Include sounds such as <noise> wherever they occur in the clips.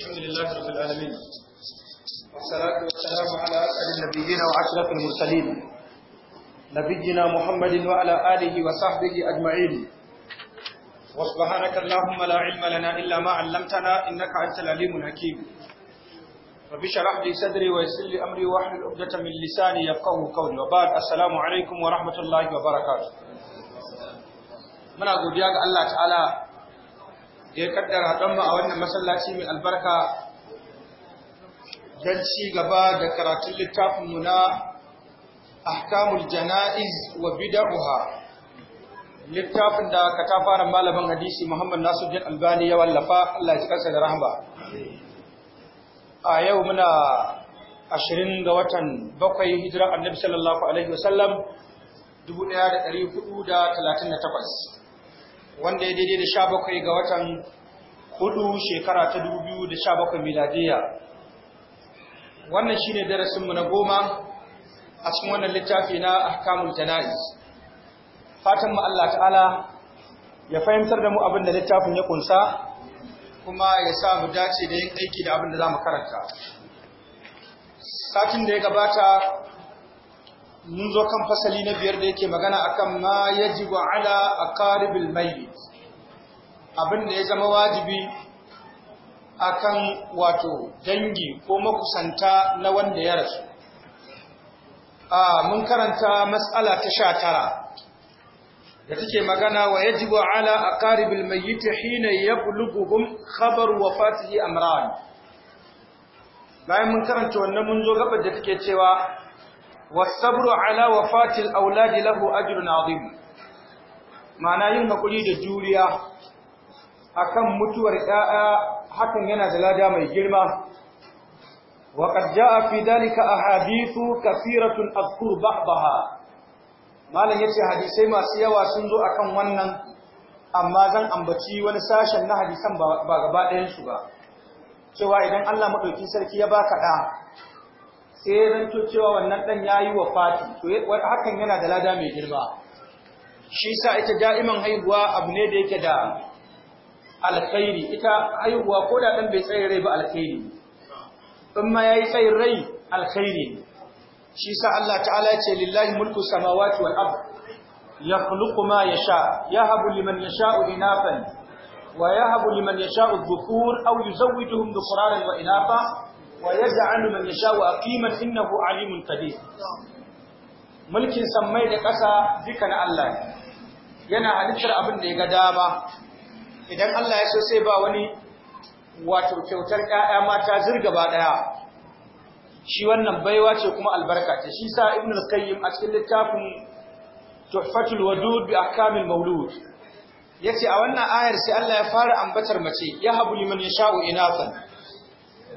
الحمد لله رب العالمين والصلاة والسلام على أسأل النبيين وأشرف المرسلين نبينا محمد وعلى آله وصحبه أجمعين وسبحانك اللهم لا علم لنا إلا ما علمتنا إنك أنت العليم الحكيم رب اشرح لي صدري ويسر لي أمري واحلل عقدة من لساني يفقهوا قولي وبعد السلام عليكم ورحمة الله وبركاته muna godiya ga Allah ta'ala da ya kaddara don mu a wannan masallaci mai albarka don ci gaba da karatun littafinmu na ahkamul jana'iz wa bid'uha littafin da ka fara malamin hadisi Muhammad Nasiruddin Albani ya wallafa Allah ya kansa da rahama a yau muna ashirin ga watan hijira hijira Annabi sallallahu alaihi wasallam 1438 wanda ya daidai da sha bakwai ga watan hudu shekara ta dubu biyu da sha bakwai miladiyya wannan shi ne darasinmu na goma a cikin wannan littafi na ahkamul jana'iz fatan mu Allah ta'ala ya fahimtar da mu abin da littafin ya kunsa kuma ya sa mu dace da yin aiki da abin da za mu karanta satin da ya gabata mun zo kan fasali na biyar da yake magana akan ma yajibu ala aqaribil mayyit abin da ya zama wajibi akan wato dangi ko makusanta na wanda ya rasu a mun karanta mas'ala ta 19 da take magana wa yajibu ala aqaribil mayyit hina yablughuhum khabar wafatihi amran bayan mun karanta wannan mun zo gaba da take cewa wasabru ala wafatil auladi lahu ajrun azim ma'ana yin hakuri da juriya akan mutuwar da'a hakan yana da lada mai girma wa qad jaa fi dalika ahadithu kathiratun azkuru ba'daha malam yace hadisai masu yawa sun zo akan wannan amma zan ambaci wani sashen na hadisan ba gaba ɗayan su ba cewa idan Allah madaukin sarki ya baka da sai ya zanto cewa wannan ɗan ya yi wafati to hakan yana da lada mai girma shi sa ita da'iman haihuwa abu ne da yake da alkhairi ita haihuwa ko da ɗan bai tsayin rai ba alkhairi in ma ya yi tsayin rai alkhairi shi sa Allah ta'ala ce lillahi mulku samawati wal ard yakhluqu ma yasha yahabu liman sha'u inafan wa yahabu liman yasha'u dhukur aw yuzawwijuhum dhukranan wa inafa ويجعل من يشاء inna إنه عليم قدير mulkin sammai da ƙasa duka na Allah yana halittar abin da ya ga dama idan Allah ya so sai ba wani wato kyautar ƴaƴa mata zirga ba ɗaya shi wannan baiwa ce kuma albarka ce shi sa ibnu al-qayyim a cikin littafin tuhfatul wadud bi ahkamil maulud yace a wannan ayar sai Allah ya fara ambatar mace ya habu liman yasha'u inathan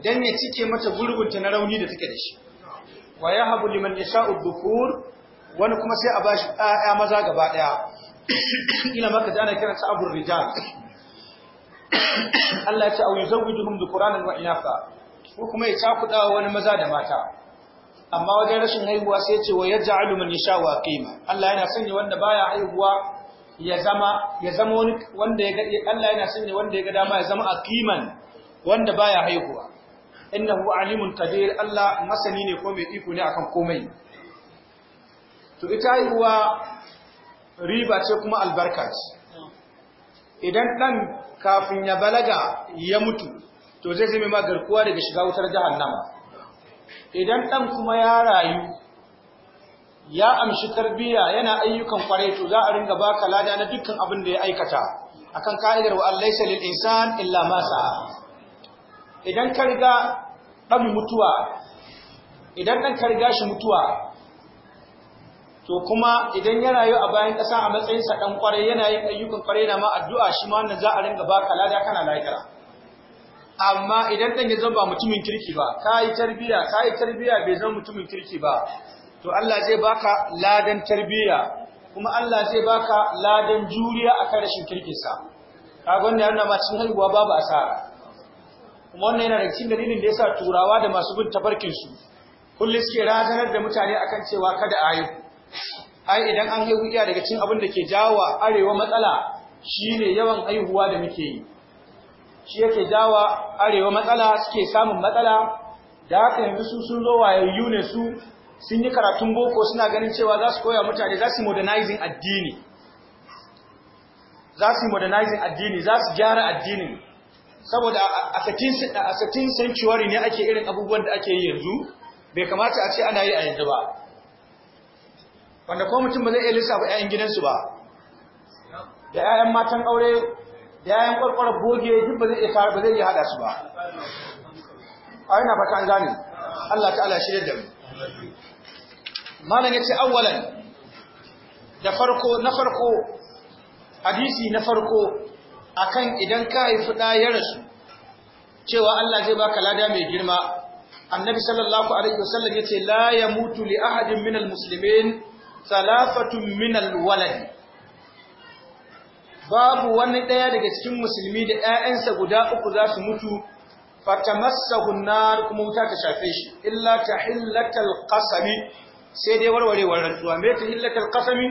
dan ya cike mata gurgunta na rauni da take da shi wa yahabu liman yasha'u dhukur wani kuma sai a bashi ɗaya maza gaba ɗaya. ila maka da ana kiransa abur rijal Allah ya ce au yuzawwijuhum dhukuran wa inatha ko kuma ya cakuɗa wani maza da mata amma wajen rashin haihuwa sai ce wa yaj'alu man yasha'u aqima Allah yana sanya wanda baya haihuwa ya zama ya zama wani wanda ya Allah yana sanya wanda ya ga dama ya zama aqiman wanda baya haihuwa innahu alimun qadir Allah masani ne ko mai iko ne akan komai to ita haihuwa riba ce kuma albarka ce idan dan kafin ya balaga ya mutu to zai zama ma daga shiga wutar jahannama idan dan kuma ya rayu ya amshi tarbiya yana ayyukan kwarai to za a ringa baka lada na dukkan abin da ya aikata akan ka'idar wa allaysa lil insan illa ma sa'a idan ka riga kan mutuwa idan ɗan ka gashi shi mutuwa to kuma idan yana rayu a bayan ƙasa a matsayinsa ɗan ƙwarai yana yin ayyukan ƙwarai na ma addu'a shi ma wannan za a ringa ba ka lada kana lahira amma idan ɗan ya zama mutumin kirki ba ka yi tarbiyya ka bai zama mutumin kirki ba to Allah zai baka ladan tarbiyya kuma Allah zai baka ladan juriya akan rashin kirkinsa kaga wannan yana ma cikin haihuwa babu asara kuma wannan yana da cikin dalilin da yasa turawa da masu bin tafarkin su kullu suke razanar da mutane akan cewa kada a haihu ai idan an haihu iya daga cikin abin da ke jawa arewa matsala shine yawan haihuwa da muke yi shi yake jawa arewa matsala suke samun matsala da haka yanzu su sun zo wayayyu ne su sun yi karatun boko suna ganin cewa za su koya mutane za su modernizing addini za su modernizing addini za su gyara addinin saboda a Satin century ne ake irin abubuwan da ake yi yanzu bai kamata a ce ana yi a yanzu ba wanda kuma mutum ba zai iya lissafa 'ya'yan gidansu ba da 'ya'yan matan aure da 'ya'yan ƙwarƙwarar boge duk ba zai iya tare ba zai iya haɗa su ba a yana fata an gane Allah ta'ala shirya da mu malam ya ce awwalan da farko na farko hadisi na farko akan idan ka haifi ɗa ya rasu cewa Allah zai baka lada mai girma annabi sallallahu alaihi wasallam yace la yamutu li ahadin minal muslimin salafatun minal walad babu wani ɗaya daga cikin musulmi da ‘ya'yansa guda uku za su mutu fatamassahu nar kuma wuta ta shafe shi illa tahillatal qasami sai dai warwarewar rantsuwa me tahillatal qasami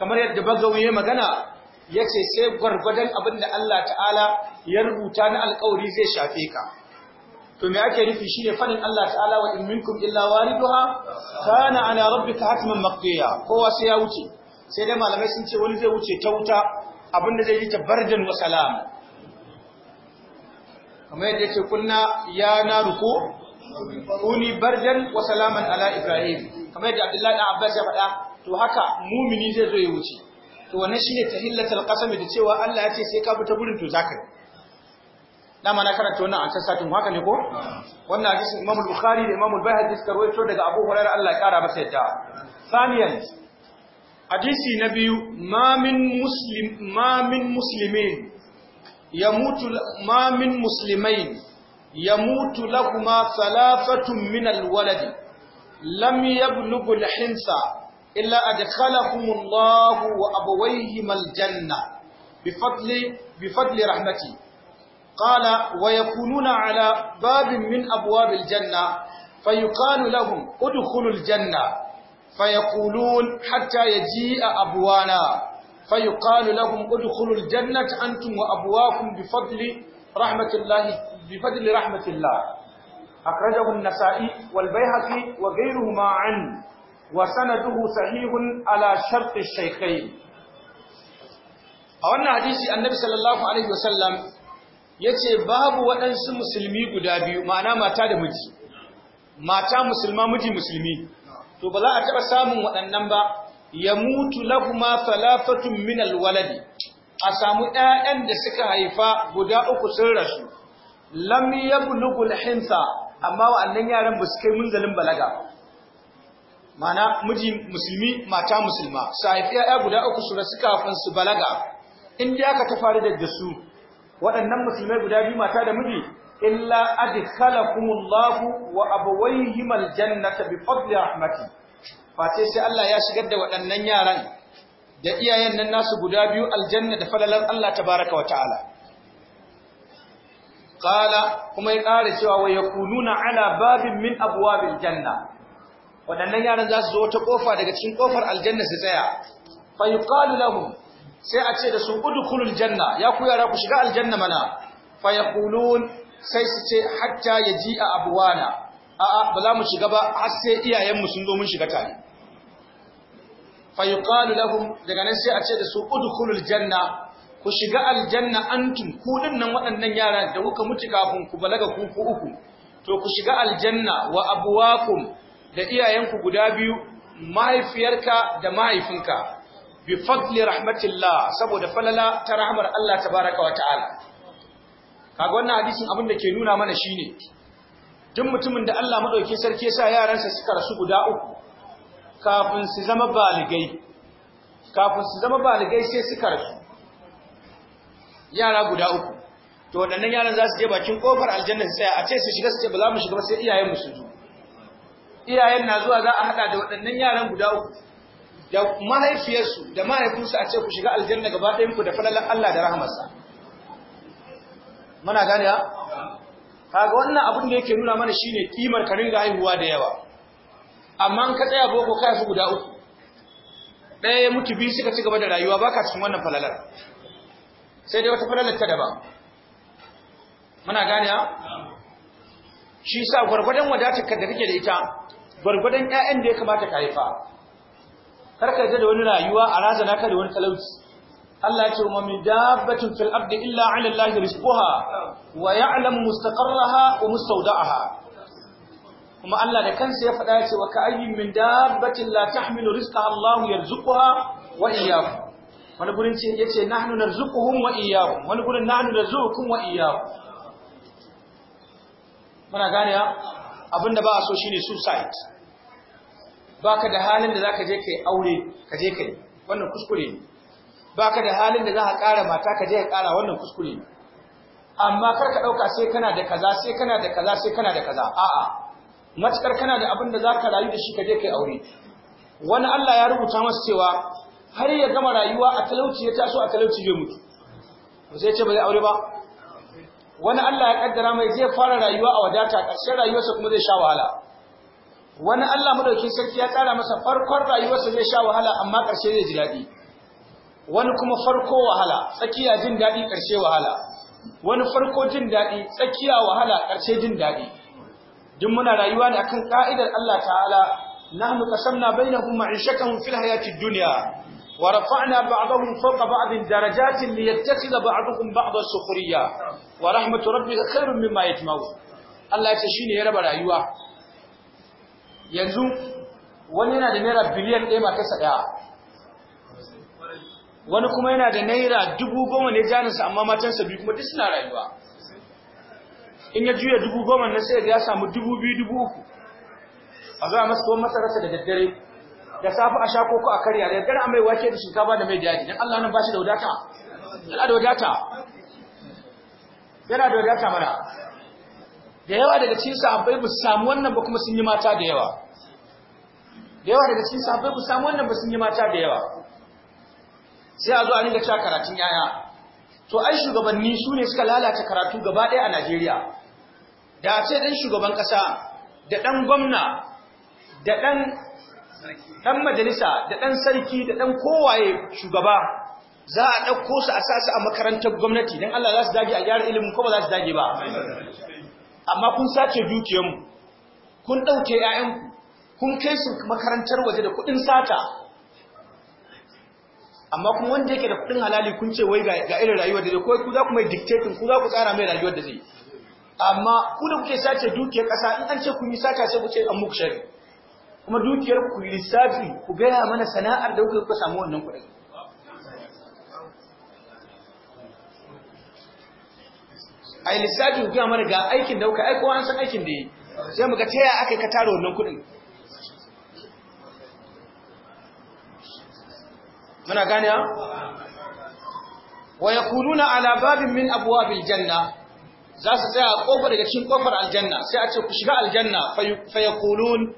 kamar yadda bagawi ya magana ya ce sai gwargwadon abin da Allah ta'ala ya rubuta na alkawari zai shafe ka to me ake nufi shine fadin Allah ta'ala wa in minkum illa waliduha kana ala rabbika hatman maqiya kowa sai ya wuce sai dai malamai sun ce wani zai wuce ta wuta abin da zai yi ta bardan wa salam kamar yadda yake kunna ya naruko kuni bardan wa salaman ala ibrahim kamar yadda Abdullahi ibn Abbas ya faɗa to haka mumini zai zo ya wuce to wannan shine tahillatul qasami da cewa Allah ya ce sai ka fita gurin to zaka yi dama mana karanta wannan an sassatin haka ne ko wannan hadisin Imam Bukhari da Imam Al-Baihaqi suka rawaito daga Abu Hurairah Allah ya kara masa yadda saniyan hadisi na biyu ma min muslim ma min muslimin yamutu ma min muslimain yamutu lahumā thalathatun min al-walad lam yablughu al illa adkhalahumullahu wa abawayhim aljanna bifadli bifadli rahmati qala wa yakununa ala babin min abwabil janna fayuqalu lahum udkhulul janna فيقولون حتى يجيء أبوانا فيقال لهم ادخلوا الجنة أنتم وأبواكم بفضل رحمة الله بفضل رحمة الله أخرجه النسائي والبيهقي وغيرهما عن wa sanaduhu sahihun ala shartu shaykhain a wannan hadisi annabi sallallahu alaihi wasallam babu waɗansu musulmi guda biyu ma'ana mata da miji mata musulma miji musulmi to ba za a taɓa samun waɗannan ba ya mutu lahuma falafatun Minal alwaladi a samu ‘ya'yan da suka haifa guda uku sun rasu lam ya bulugul hinsa amma wa'annan yaran ba su kai munzalin balaga Ma'ana miji musulmi mata musulma su ‘ya'ya guda uku su rasu kafin su balaga in dai aka ta faru da su waɗannan musulmai guda biyu mata da miji illa adkhalakumullahu wa abawayhim aljannata bi fadli rahmati face sai Allah ya shigar da waɗannan yaran da iyayen nan nasu guda biyu aljanna da falalar Allah tabaraka wa ta'ala qala kuma ya ƙara cewa wa yakununa ala babin min abwabil janna waɗannan yaran za su zo ta kofa daga cikin kofar aljanna su tsaya fa yuqalu lahum sai a ce da su udkhulul janna ya ku yara ku shiga aljanna mana fa yaqulun sai su ce hatta yaji a abuwana a'a ba za mu shiga ba har sai iyayenmu sun zo mun shiga tare fa yuqalu lahum daga nan sai a ce da su udkhulul janna ku shiga aljanna antum ku nan waɗannan yaran da kuka mutu kafin ku balaga ku uku to ku shiga aljanna wa abwakum da iyayenku guda biyu mahaifiyarka da mahaifinka bi fadli rahmatillah saboda falala ta rahmar Allah tabaraka wa ta'ala kaga wannan hadisin abin da ke nuna mana shine duk mutumin da Allah madauke sarki ya sa yaransa suka rasu guda uku kafin su zama baligai kafin su zama baligai sai suka rasu yara guda uku to waɗannan yaran za su je bakin kofar aljanna su tsaya a ce su shiga su ce ba za mu shiga ba sai iyayen mu su zo iyayen na zuwa za a hada da waɗannan yaran guda uku da mahaifiyarsu da mahaifinsu a ce ku shiga aljanna gaba ɗayan ku da falalar Allah da rahamarsa muna gane ha kaga wannan abin da yake nuna mana shine kimar ka ringa haihuwa da yawa amma in ka tsaya boko kai su guda uku ɗaya ya mutu biyu suka ci gaba da rayuwa baka cikin wannan falalar sai dai wata falalar ta daban muna gane ha shi sa gwargwadon wadatar da kake da ita gwargwadon ƴaƴan da ya kamata ka haifa kar ka da wani rayuwa a razana ka da wani talauci Allah ya ce wa min dabbatin fil ardi illa 'ala Allahi rizquha wa ya'lamu mustaqarraha wa mustawda'aha kuma Allah da kansa ya faɗa ya ce wa ka'ayyin min dabbatin la tahmilu rizqaha Allahu yarzuquha wa iyyakum wani gurin ce ya ce nahnu narzuquhum wa iyyakum wani gurin nahnu narzuqukum wa iyyakum muna gane ya da ba a so shi ne suicide ka da halin da za ka je kai aure ka je kai wannan kuskure ne ka da halin da za ka ƙara mata ka je ka ƙara wannan kuskure ne amma kar ka dauka sai kana da kaza sai kana da kaza sai kana da kaza a'a matakar kana da abin da za ka rayu da shi ka je kai aure wani Allah ya rubuta masa cewa har ya gama rayuwa a talauci ya taso a talauci bai mutu ba sai ce ba zai aure ba wani Allah ya kaddara mai zai fara rayuwa a wadata ƙarshen rayuwarsa kuma zai sha wahala wani Allah madaukin sarki ya tsara masa farkon rayuwarsa zai sha wahala amma ƙarshe zai ji daɗi wani kuma farko wahala tsakiya jin daɗi ƙarshe wahala wani farko jin daɗi tsakiya wahala ƙarshe jin daɗi duk muna rayuwa ne akan ka'idar Allah ta'ala nahnu qasamna bainahum ma'ishakahum fil hayatid dunya ورفعنا بعضهم فوق بعض درجات ليتخذ بعضهم بعضا سخريا wa rahmatu rabbika khairun mimma yatmau Allah yace shine ya raba rayuwa yanzu wani yana da naira biliyan 1 kasa daya wani kuma yana da naira dubu goma ne jarinsa amma matansa biyu kuma duk suna rayuwa in ya juya dubu goma na sai ya samu dubu biyu dubu uku a zuwa masu tuwon masararsa da daddare da safi a sha koko a karya da gari a mai wake da shinkafa da mai daji don Allah nan ba shi da wadata Allah da wadata yana da wadata mana da yawa daga cikin sahabbai ba su samu wannan ba kuma sun yi mata da yawa da yawa daga cikin sahabbai ba su samu wannan ba sun yi mata da yawa sai a zo a ringa cewa karatun yaya to ai shugabanni su ne suka lalata karatu gaba ɗaya a Najeriya da a ce ɗan shugaban ƙasa da ɗan gwamna da ɗan ɗan majalisa da ɗan sarki da ɗan kowaye shugaba za a ɗauko su a sasu a makarantar gwamnati don Allah za su dage a gyara ilimin ko ba za su dage ba amma kun sace dukiyanmu kun ɗauke 'ya'yanku kun kai su makarantar waje da kuɗin sata amma kuma wanda yake da kuɗin halali kun ce wai ga irin rayuwar da zai ko ku za ku mai dictating ku za ku tsara mai rayuwar da zai amma ku da kuke sace dukiyar ƙasa in an ce kun yi sata sai ku ce an muku shari kuma dukiyar ku lissafi ku gaya mana sana'ar da kuka samu wannan kuɗin ai lissafi ku mana ga aikin da kuka ai an san aikin da yi sai muka taya aka ka tara wannan kuɗin muna gane wa yaquluna ala babin min abwabil biljanna za su tsaya a kofar daga cikin kofar aljanna sai a ce ku shiga aljanna fa yaqulun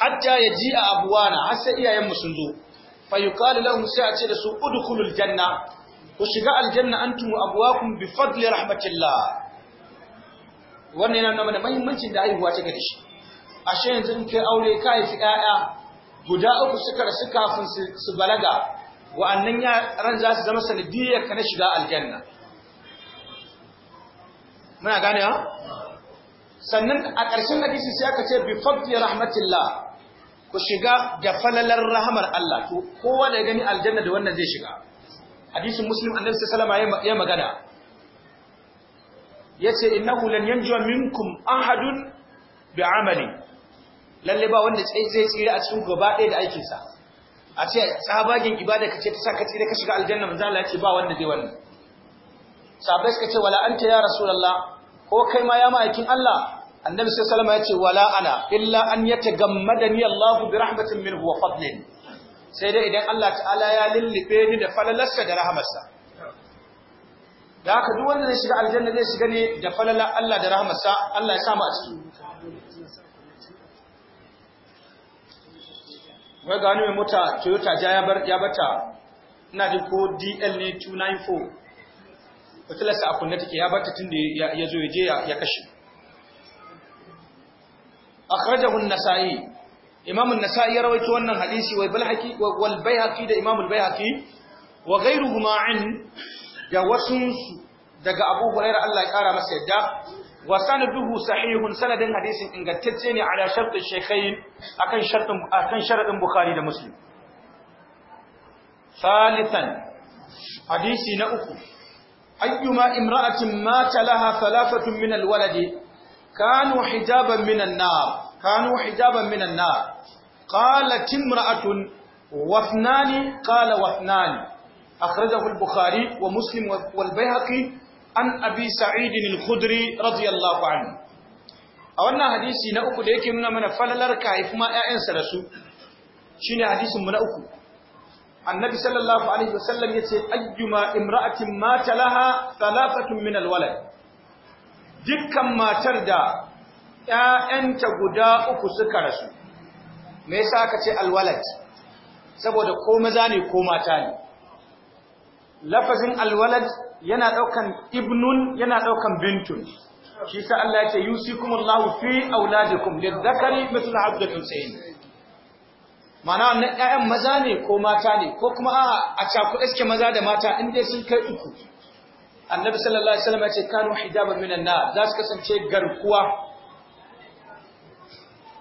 hatta yaji'a abwana har sai iyayen mu sun zo fa yuqalu lahum sai a ce da su udkhulul janna ku shiga aljanna antum abuwakum bi fadli rahmatillah wannan yana nuna mahimmancin da haihuwa take da shi ashe yanzu in kai aure ka haifi ƴaƴa guda uku suka rasu kafin su balaga wa'annan ran za su zama sanadiyya ka na shiga aljanna muna gane ha sannan a ƙarshen hadisi sai aka ce bi fadli rahmatillah ku shiga da falalar rahmar Allah to kowa da ya gani aljanna da wannan zai shiga hadisin muslim annabi sallallahu alaihi wasallam ya magana yace innahu lan yanjuwa minkum ahadun bi'amali lalle ba wanda zai tsira a cikin gaba ɗaya da aikinsa a ce tsabagen ibada kace ta saka tsira ka shiga aljanna manzo Allah yace ba wanda zai wannan sahabbai suka ce wala anta ya rasulullah ko kai ma ya ma'aikin Allah annabi sallallahu alaihi yace wala ana illa an yatagammadani Allah bi rahmatin minhu wa fadlin sai dai idan Allah ta'ala ya lullube ni da falalarsa da rahamarsa da haka duk wanda zai shiga aljanna zai shiga ne da falala Allah da rahmarsa Allah ya sa mu a ciki wai ga wani mai mota Toyota ja ya bar ya bata ina jin ko DL ne 294 fitilarsa a kunne take ya bata tun da ya zo ya je ya kashe akhrajahu an-nasa'i imam an-nasa'i ya rawaito wannan hadisi wai balhaqi wal bayhaqi da imam al-bayhaqi wa ghayruhuma an da wasunsu daga Abu Hurairah Allah ya ƙara masa yadda wa sanaduhu sahihun sanadin hadisin ingantacce ne ala shartu shaykhain akan shartin akan sharadin Bukhari da Muslim salisan hadisi na uku ayyuma imra'atin mata laha thalathatun min alwaladi kanu hijaban minan nar kanu hijaban minan nar qalat imra'atun wa ithnani qala wa ithnani أخرجه البخاري ومسلم والبيهقي عن أبي سعيد الخدري رضي الله عنه أولنا حديثي نأكو ليكي من من فللر كيف ما أعنس رسول شين حديث من أكو النبي صلى الله عليه وسلم يتي أيما امرأة مات لها ثلاثة من الولد دكا ما تردى ‘ya'yanta guda uku suka rasu, me yasa aka ce alwalat, saboda ko maza ne ko mata ne, lafazin alwalad yana daukan ibnun yana daukan bintun shi sa Allah ya ce yusikumullahu fi auladikum lidhakari mithlu abdul husayn mana wannan ƴaƴan maza ne ko mata ne ko kuma a a ku suke maza da mata in dai sun kai uku annabi sallallahu alaihi wasallam ya ce kanu hijaban minan na za su kasance garkuwa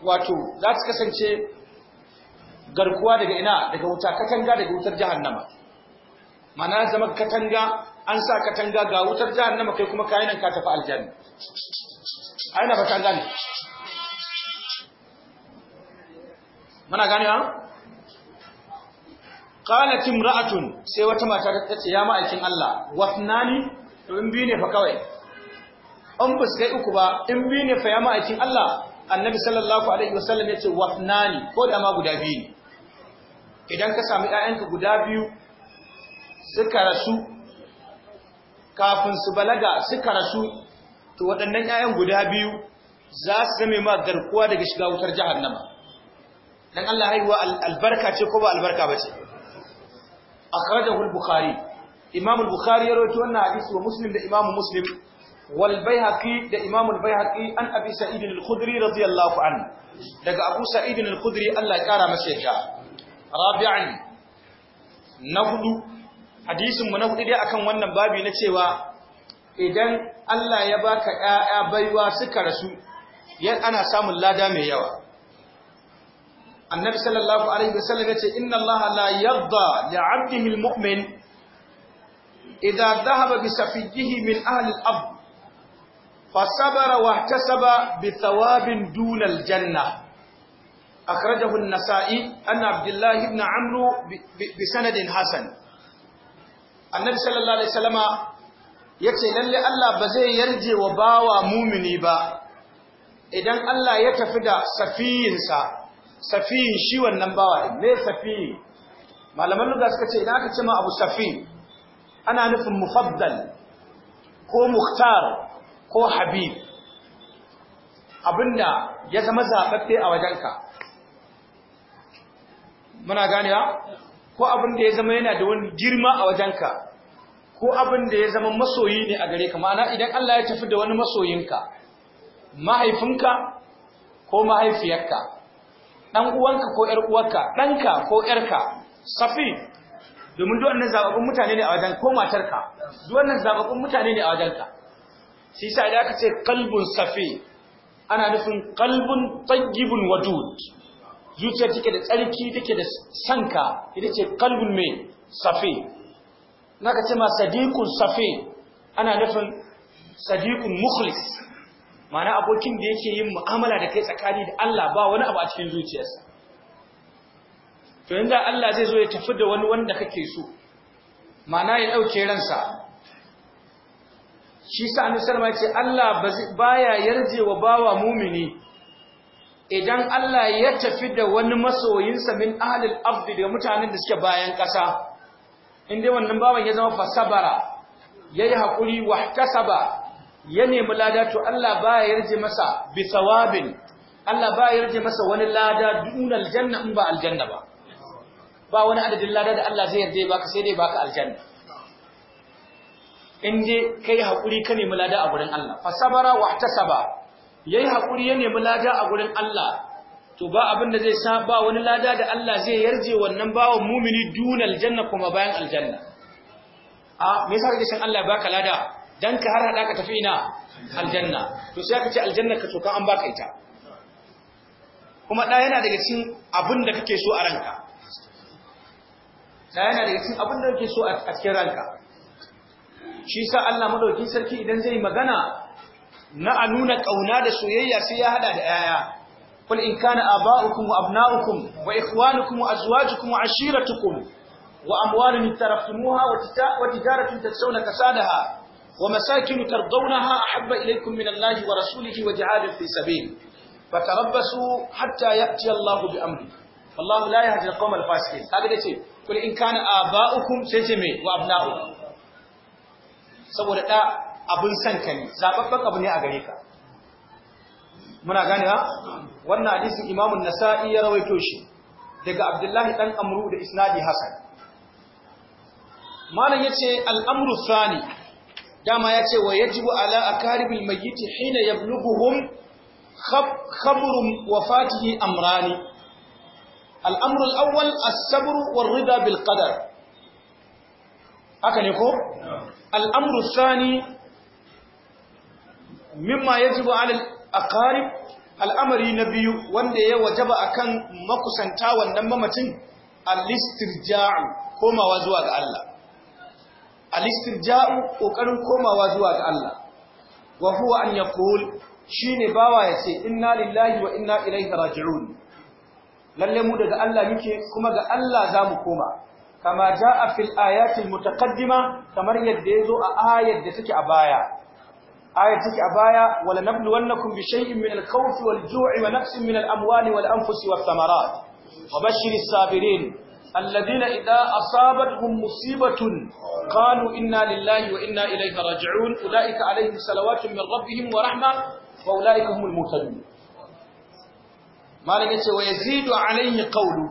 wato za su kasance garkuwa daga ina daga wuta katanga daga wutar jahannama mana zama katanga an sa katanga ga wutar jahannama kai kuma kayan ka tafi aljanna ai na fata gane mana gane ha qalat imra'atun sai wata mata ta tace ya ma'aikin Allah wasnani to in bi ne fa kawai an buskai sai uku ba in bi ne fa ya ma'aikin Allah annabi sallallahu alaihi wasallam ya ce wasnani ko da ma guda biyu ne idan ka sami ƴaƴanka guda biyu suka rasu kafin su balaga suka rasu to waɗannan 'ya'yan guda biyu za su zame ma garkuwa daga shiga wutar jahannama dan Allah haihuwa albarka ce ko ba albarka bace akhrajahu al-bukhari imam al-bukhari ya rawaito wannan hadisi wa muslim da imam muslim wal baihaqi da imam al-baihaqi an abi sa'id al-khudri radiyallahu anhu daga abu sa'id al-khudri Allah ya kara masa ya rabi'an na hudu hadisinmu na hudu dai akan wannan babi na cewa idan Allah ya baka ‘ya'ya baiwa suka rasu, yan ana samun lada mai yawa. Annabi sallallahu Alaihi wasallam ya ce, Inna Allah la yadda da abdihil mu'min, idan zahaba bi safiyihi min ahlil ab, fasabara wa tasaba bi thawabin dunal janna. أخرجه nasa'i an عبد الله amru bi sanadin Hassan. annabi sallallahu alaihi wasallama yace lalle Allah ba zai yarje wa bawa mumini ba idan Allah ya tafi da safiyinsa safiyin shi wannan bawa ne safiyi malaman lugha suka ce idan aka ce ma abu safi ana nufin mufaddal ko muktar, ko habib abinda ya zama zababbe a wajenka muna ganewa ko abin da ya zama yana da wani girma a wajenka ko abin da ya zama masoyi ne a gare ka ma'ana idan Allah ya tafi da wani masoyinka mahaifinka ko mahaifiyarka dan uwanka ko ƴar uwarka ɗanka ko ƴarka safi domin duk wannan zababbun mutane ne a wajen ko matarka duk wannan zababbun mutane ne a wajenka shi yasa idan aka ce qalbun safi ana nufin qalbun tayyibun wadud zuciyar take da tsarki take da sanka ita ce kalbun mai safi naka ce ma sadiqun safi ana nufin sadiqun mukhlis ma'ana abokin da yake yin mu'amala da kai tsakani da Allah ba wani abu a cikin zuciyarsa to inda Allah zai zo ya tafi da wani wanda kake so ma'ana ya dauke ransa shi sa annabi sallallahu ya ce Allah baya yarje wa bawa mumini idan Allah ya tafi da wani masoyinsa min ahlil abdi da mutanen da suke bayan ƙasa inda wannan bawan ya zama fasabara ya yi haƙuri kasaba ya nemi lada to Allah ba ya yarje masa bisawabin Allah ba ya yarje masa wani lada duna aljanna in ba aljanna ba ba wani adadin lada da Allah zai yarje baka sai dai baka aljanna in kai haƙuri ka nemi lada a gurin Allah fasabara wahtasaba yayi hakuri ya nemi lada a gurin Allah to ba abin da zai sa ba wani lada da Allah zai yarje wannan bawan mumini dunal janna kuma bayan aljanna a me yasa kake san Allah baka lada dan ka har hada ka tafi ina aljanna to sai ka ce aljanna ka soka an baka ita kuma da yana daga cikin abin da kake so a ranka da yana daga cikin abin da kake so a cikin ranka shi sa Allah madaukin sarki idan zai magana na a nuna ƙauna da soyayya sai ya haɗa da ‘ya'ya. Kul in kana aba'ukum wa abna'ukum wa ikhwanukum wa azwajukum wa ashiratukum wa amwalun taraftumuha wa tijaratun taksawna kasadaha wa masakin tardawnaha ahabba ilaykum min Allah wa rasulihi wa jihadin fi sabil fatarabbasu hatta ya'ti Allah bi amri wallahu la yahdi al-qawma al-fasiqin kaga dace kul in kana aba'ukum sai ce me wa abna'ukum saboda da abin san ka ne abu ne a gare ka muna gane ha wannan hadisin imamun nasa'i ya rawaito shi daga abdullahi dan amru da isnadi hasan malam yace al'amru Sani. dama yace wa yajibu ala akaribil mayyit hina yablughuhum khabru wafatihi amrani al'amru al-awwal as-sabr war-ridha bil haka ne ko al'amru mimma yajibu alal aqarib al'amari na biyu wanda ya wajaba akan makusanta wannan mamacin al komawa zuwa ga Allah al kokarin komawa zuwa ga Allah wa huwa an yaqul shine bawa yace inna lillahi wa inna ilaihi raji'un lalle mu daga Allah muke kuma ga Allah zamu koma kama jaa fil ayati al-mutaqaddima kamar yadda yazo a ayar da take a baya Aya take a baya wala nabluwannakum bi shay'in min al-khawf wal-ju'i wa nafsin min al-amwali wal-anfusi wath-thamarat wa bashshiris sabirin alladhina idha asabatuhum musibatun qalu inna lillahi wa inna ilayhi raji'un ulaika alayhim salawatun min rabbihim wa rahma wa ulaika humul muhtadun malam yace wa yazidu alayhi qawlu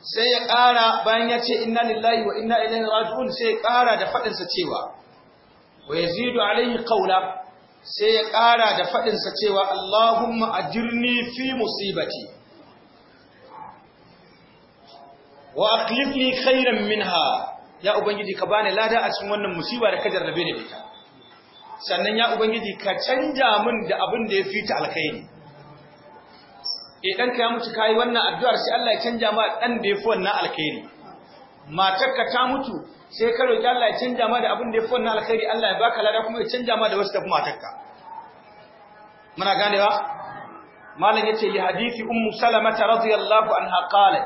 sai ya ƙara bayan ya ce inna lillahi wa inna ilaihi raji'un sai ya ƙara da sa cewa wa yazidu alaihi qawla sai ya ƙara da faɗinsa cewa Allahumma ajirni fi musibati wa aqlifni khairan minha ya ubangiji ka bani lada a cikin wannan musiba da ka jarrabe ni da ita sannan ya ubangiji ka canja min da abin da ya fita ta alkhairi idan ka ya mutu kai wannan addu'ar sai Allah ya canja ma dan da ya fi wannan alkhairi matarka ta mutu sai ka roki Allah ya canja ma da abin da ya fi wannan alkhairi Allah ya baka lada kuma ya canja ma da wasu tafi matarka muna gane ba malam yace li hadisi ummu salama ta radiyallahu anha qalat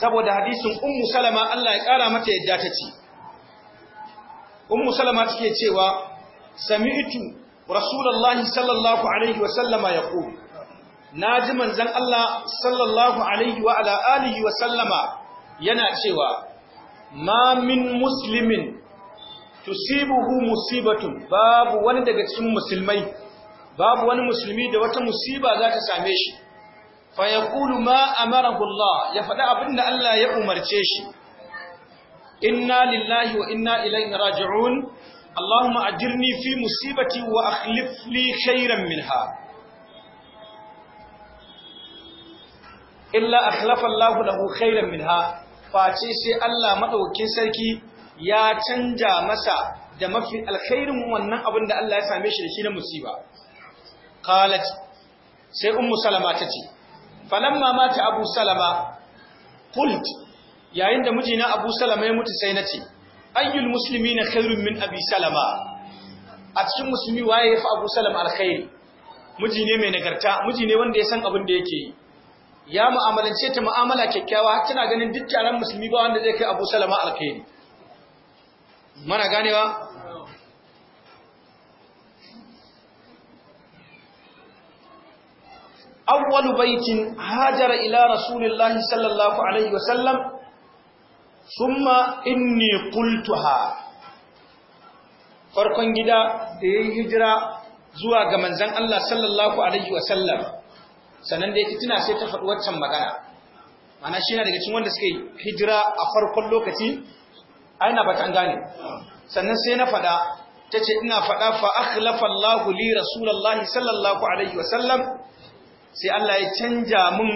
saboda hadisin ummu salama Allah ya kara mata yadda ta ce ummu salama take cewa sami'tu rasulullahi sallallahu alaihi wa sallama yaqul naji manzon Allah sallallahu alaihi wa ala alihi wa sallama yana cewa ma min muslimin tusibuhu musibatun babu wani daga cikin musulmai babu wani musulmi da wata musiba za ta same shi fa yaqulu ma amarahu Allah ya faɗa abinda Allah ya umarce shi inna lillahi wa inna ilaihi raji'un Allahumma ajirni fi musibati wa akhlif li khairan minha illa akhlafa Allah lahu khairan minha face sai Allah maɗaukin sarki ya canja masa da mafi alkhairin wannan abin da Allah ya same shi da shi na musiba qalat sai ummu salama ta ce falamma mata abu salama qult yayin da mijina abu salama ya mutu sai nace ayyul muslimina khairun min abi salama a cikin musulmi waye yafi abu salama alkhairi miji ne mai nagarta miji ne wanda ya san abin da yake yi ya mu'amalance ta mu'amala kyakkyawa har tana ganin duk musulmi ba wanda zai kai Abu Salama alkhairi mana ganewa awwalu baitin hajara ila rasulillahi sallallahu alaihi wasallam summa inni qultuha farkon gida da yayin hijira zuwa ga manzon Allah sallallahu alaihi wasallam sannan da ya fitina sai ta faɗi waccan magana mana shi na daga cikin wanda suka yi hijira a farkon lokaci aina ba an gane sannan sai na faɗa ta ce ina faɗa fa akhlafa Allahu li rasulullahi sallallahu alaihi wa sallam, sai Allah ya canja mun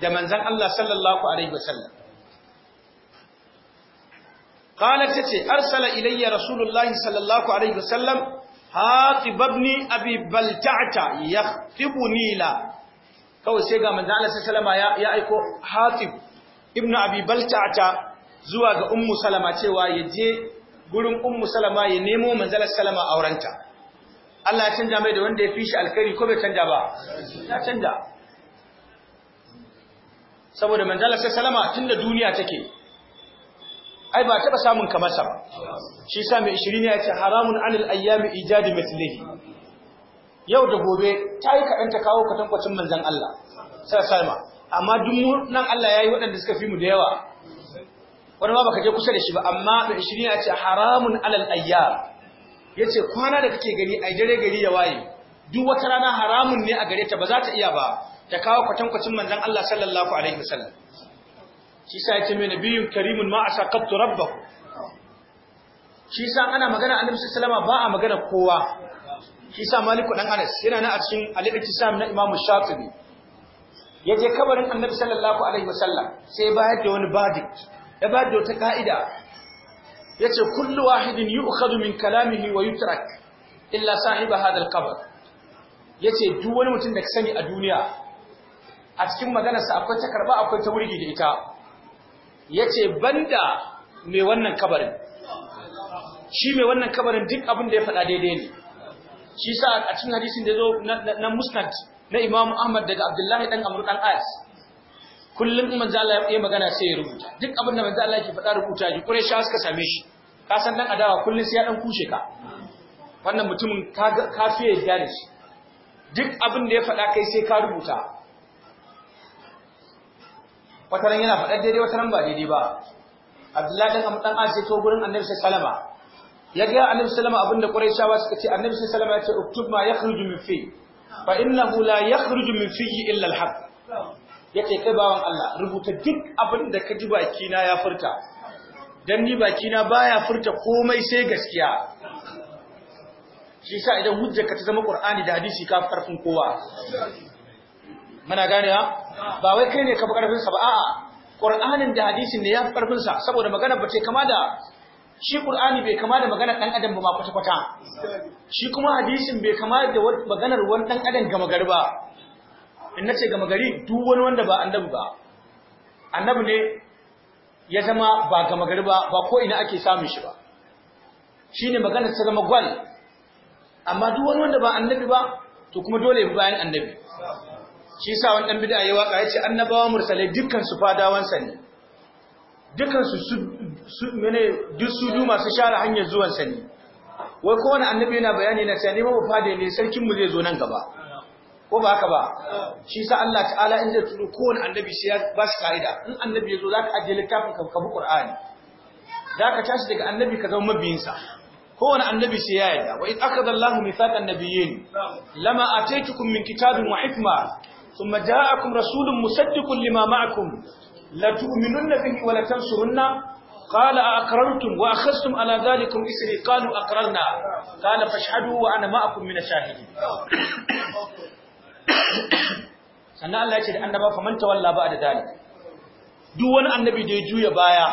da manzon Allah sallallahu alaihi wa wasallam قالت تتي أرسل إلي رسول الله صلى الله عليه وسلم هاتب ابن أبي بلتعت يخطبني لا kawai sai ga manzo Allah sallama ya ya aiko Hatib ibn Abi Balta'ata zuwa ga Ummu Salama cewa ya je gurin Ummu Salama ya nemo manzo Allah sallama aurenta Allah ya canja mai da wanda ya fishi alkari ko bai canja ba ya canja saboda manzo Allah sallama tunda duniya take ai ba taba samun kamar sa ba shi yasa mai 20 ne ya ce haramun anil ayyami ijadi mithlihi yau da gobe ta yi kaɗan ta kawo kwatankwacin manzan Allah sai ma, amma duk nan Allah ya yi waɗanda suka fi mu da yawa wani ma baka je kusa da shi ba amma da shi ya ce haramun alal ayya ya ce kwana da kake gani a dare gari ya waye duk wata rana haramun ne a gare ta ba za ta iya ba ta kawo kwatankwacin manzan Allah sallallahu alaihi wasallam shi sa ce mai nabiyun karimun ma Rabba. shi ana magana annabi sallallahu alaihi ba a magana kowa shi sa maliku dan anas yana na a cikin al na imam shafi'i yaje kabarin annabi sallallahu alaihi wasallam sai bayar da wani verdict ya bayar da wata ka'ida yace kullu wahidin yu'khadhu min kalamihi wa yutrak illa sahiba hadha al-qabr yace duk wani mutum da ka sani a duniya a cikin maganarsa akwai ta karba akwai ta wurgi da ita yace banda mai wannan kabarin shi mai wannan kabarin duk abin da ya faɗa daidai ne shi sa a cikin hadisin da zo na musnad na Imam Ahmad daga Abdullahi dan Amr dan As kullum manzo Allah ya magana sai ya rubuta duk abin da manzo Allah yake faɗa rubuta ji kure sha suka same shi ka san dan adawa kullum sai ya dan kushe ka wannan mutumin ka ka fiye ya da shi duk abin da ya faɗa kai sai ka rubuta Wata ran yana faɗa daidai wata ran ba daidai ba Abdullahi dan Amr dan As ya to gurin Annabi sallallahu alaihi wasallam ya ga annabi sallama abinda quraishawa suka ce annabi sallama ya ce uktub ma yakhruju min fi fa innahu la yakhruju min fi illa alhaq haq yace kai bawan Allah rubuta duk abinda ka ji baki na ya furta dan ni baki na baya furta komai sai gaskiya shi sa idan ka ta zama qur'ani da hadisi ka fi karfin kowa muna gane ha ba wai kai ne ka fi karfin sa ba a'a Qur'anin da hadisin ne ya fi ƙarfinsa saboda magana ba ce kama da shi Qur'ani bai kama da maganar dan adam ba ma kwata kwata shi kuma hadisin bai kama da maganar wani dan adam gama gari ba in nace gama gari duk wani wanda ba annabi ba annabi ne ya zama ba gama gari ba ba ko ina ake samun shi ba shine maganar ta zama gwal amma duk wani wanda ba annabi ba to kuma dole ya bi bayan annabi shi sa wani dan bid'a ya waka yace annabawa mursalai dukkan su fadawansa ne dukkan su mene duk su du masu share hanyar zuwan sa ne wai wani annabi yana bayani na cewa ne ba ne sarkin mu zai zo nan gaba ko ba haka ba shi sa Allah ta'ala inda zai ko wani annabi sai ya ba shi ka'ida in annabi ya zo zaka aje littafin ka ka Kur'ani. Qur'ani zaka tashi daga annabi ka zama mabiyinsa wani annabi sai ya yarda wa id akhadha Allahu mithaqan nabiyyin lama ataitukum min kitabin wa hikma thumma ja'akum rasulun musaddiqun lima ma'akum la tu'minunna bihi wa la tansurunna قال أقررتم وأخذتم على ذلكم إسري قالوا أقررنا قال فاشهدوا وأنا معكم من الشاهدين sannan Allah ya ce da annaba fa manta walla ba da dalik duk annabi da ya juya baya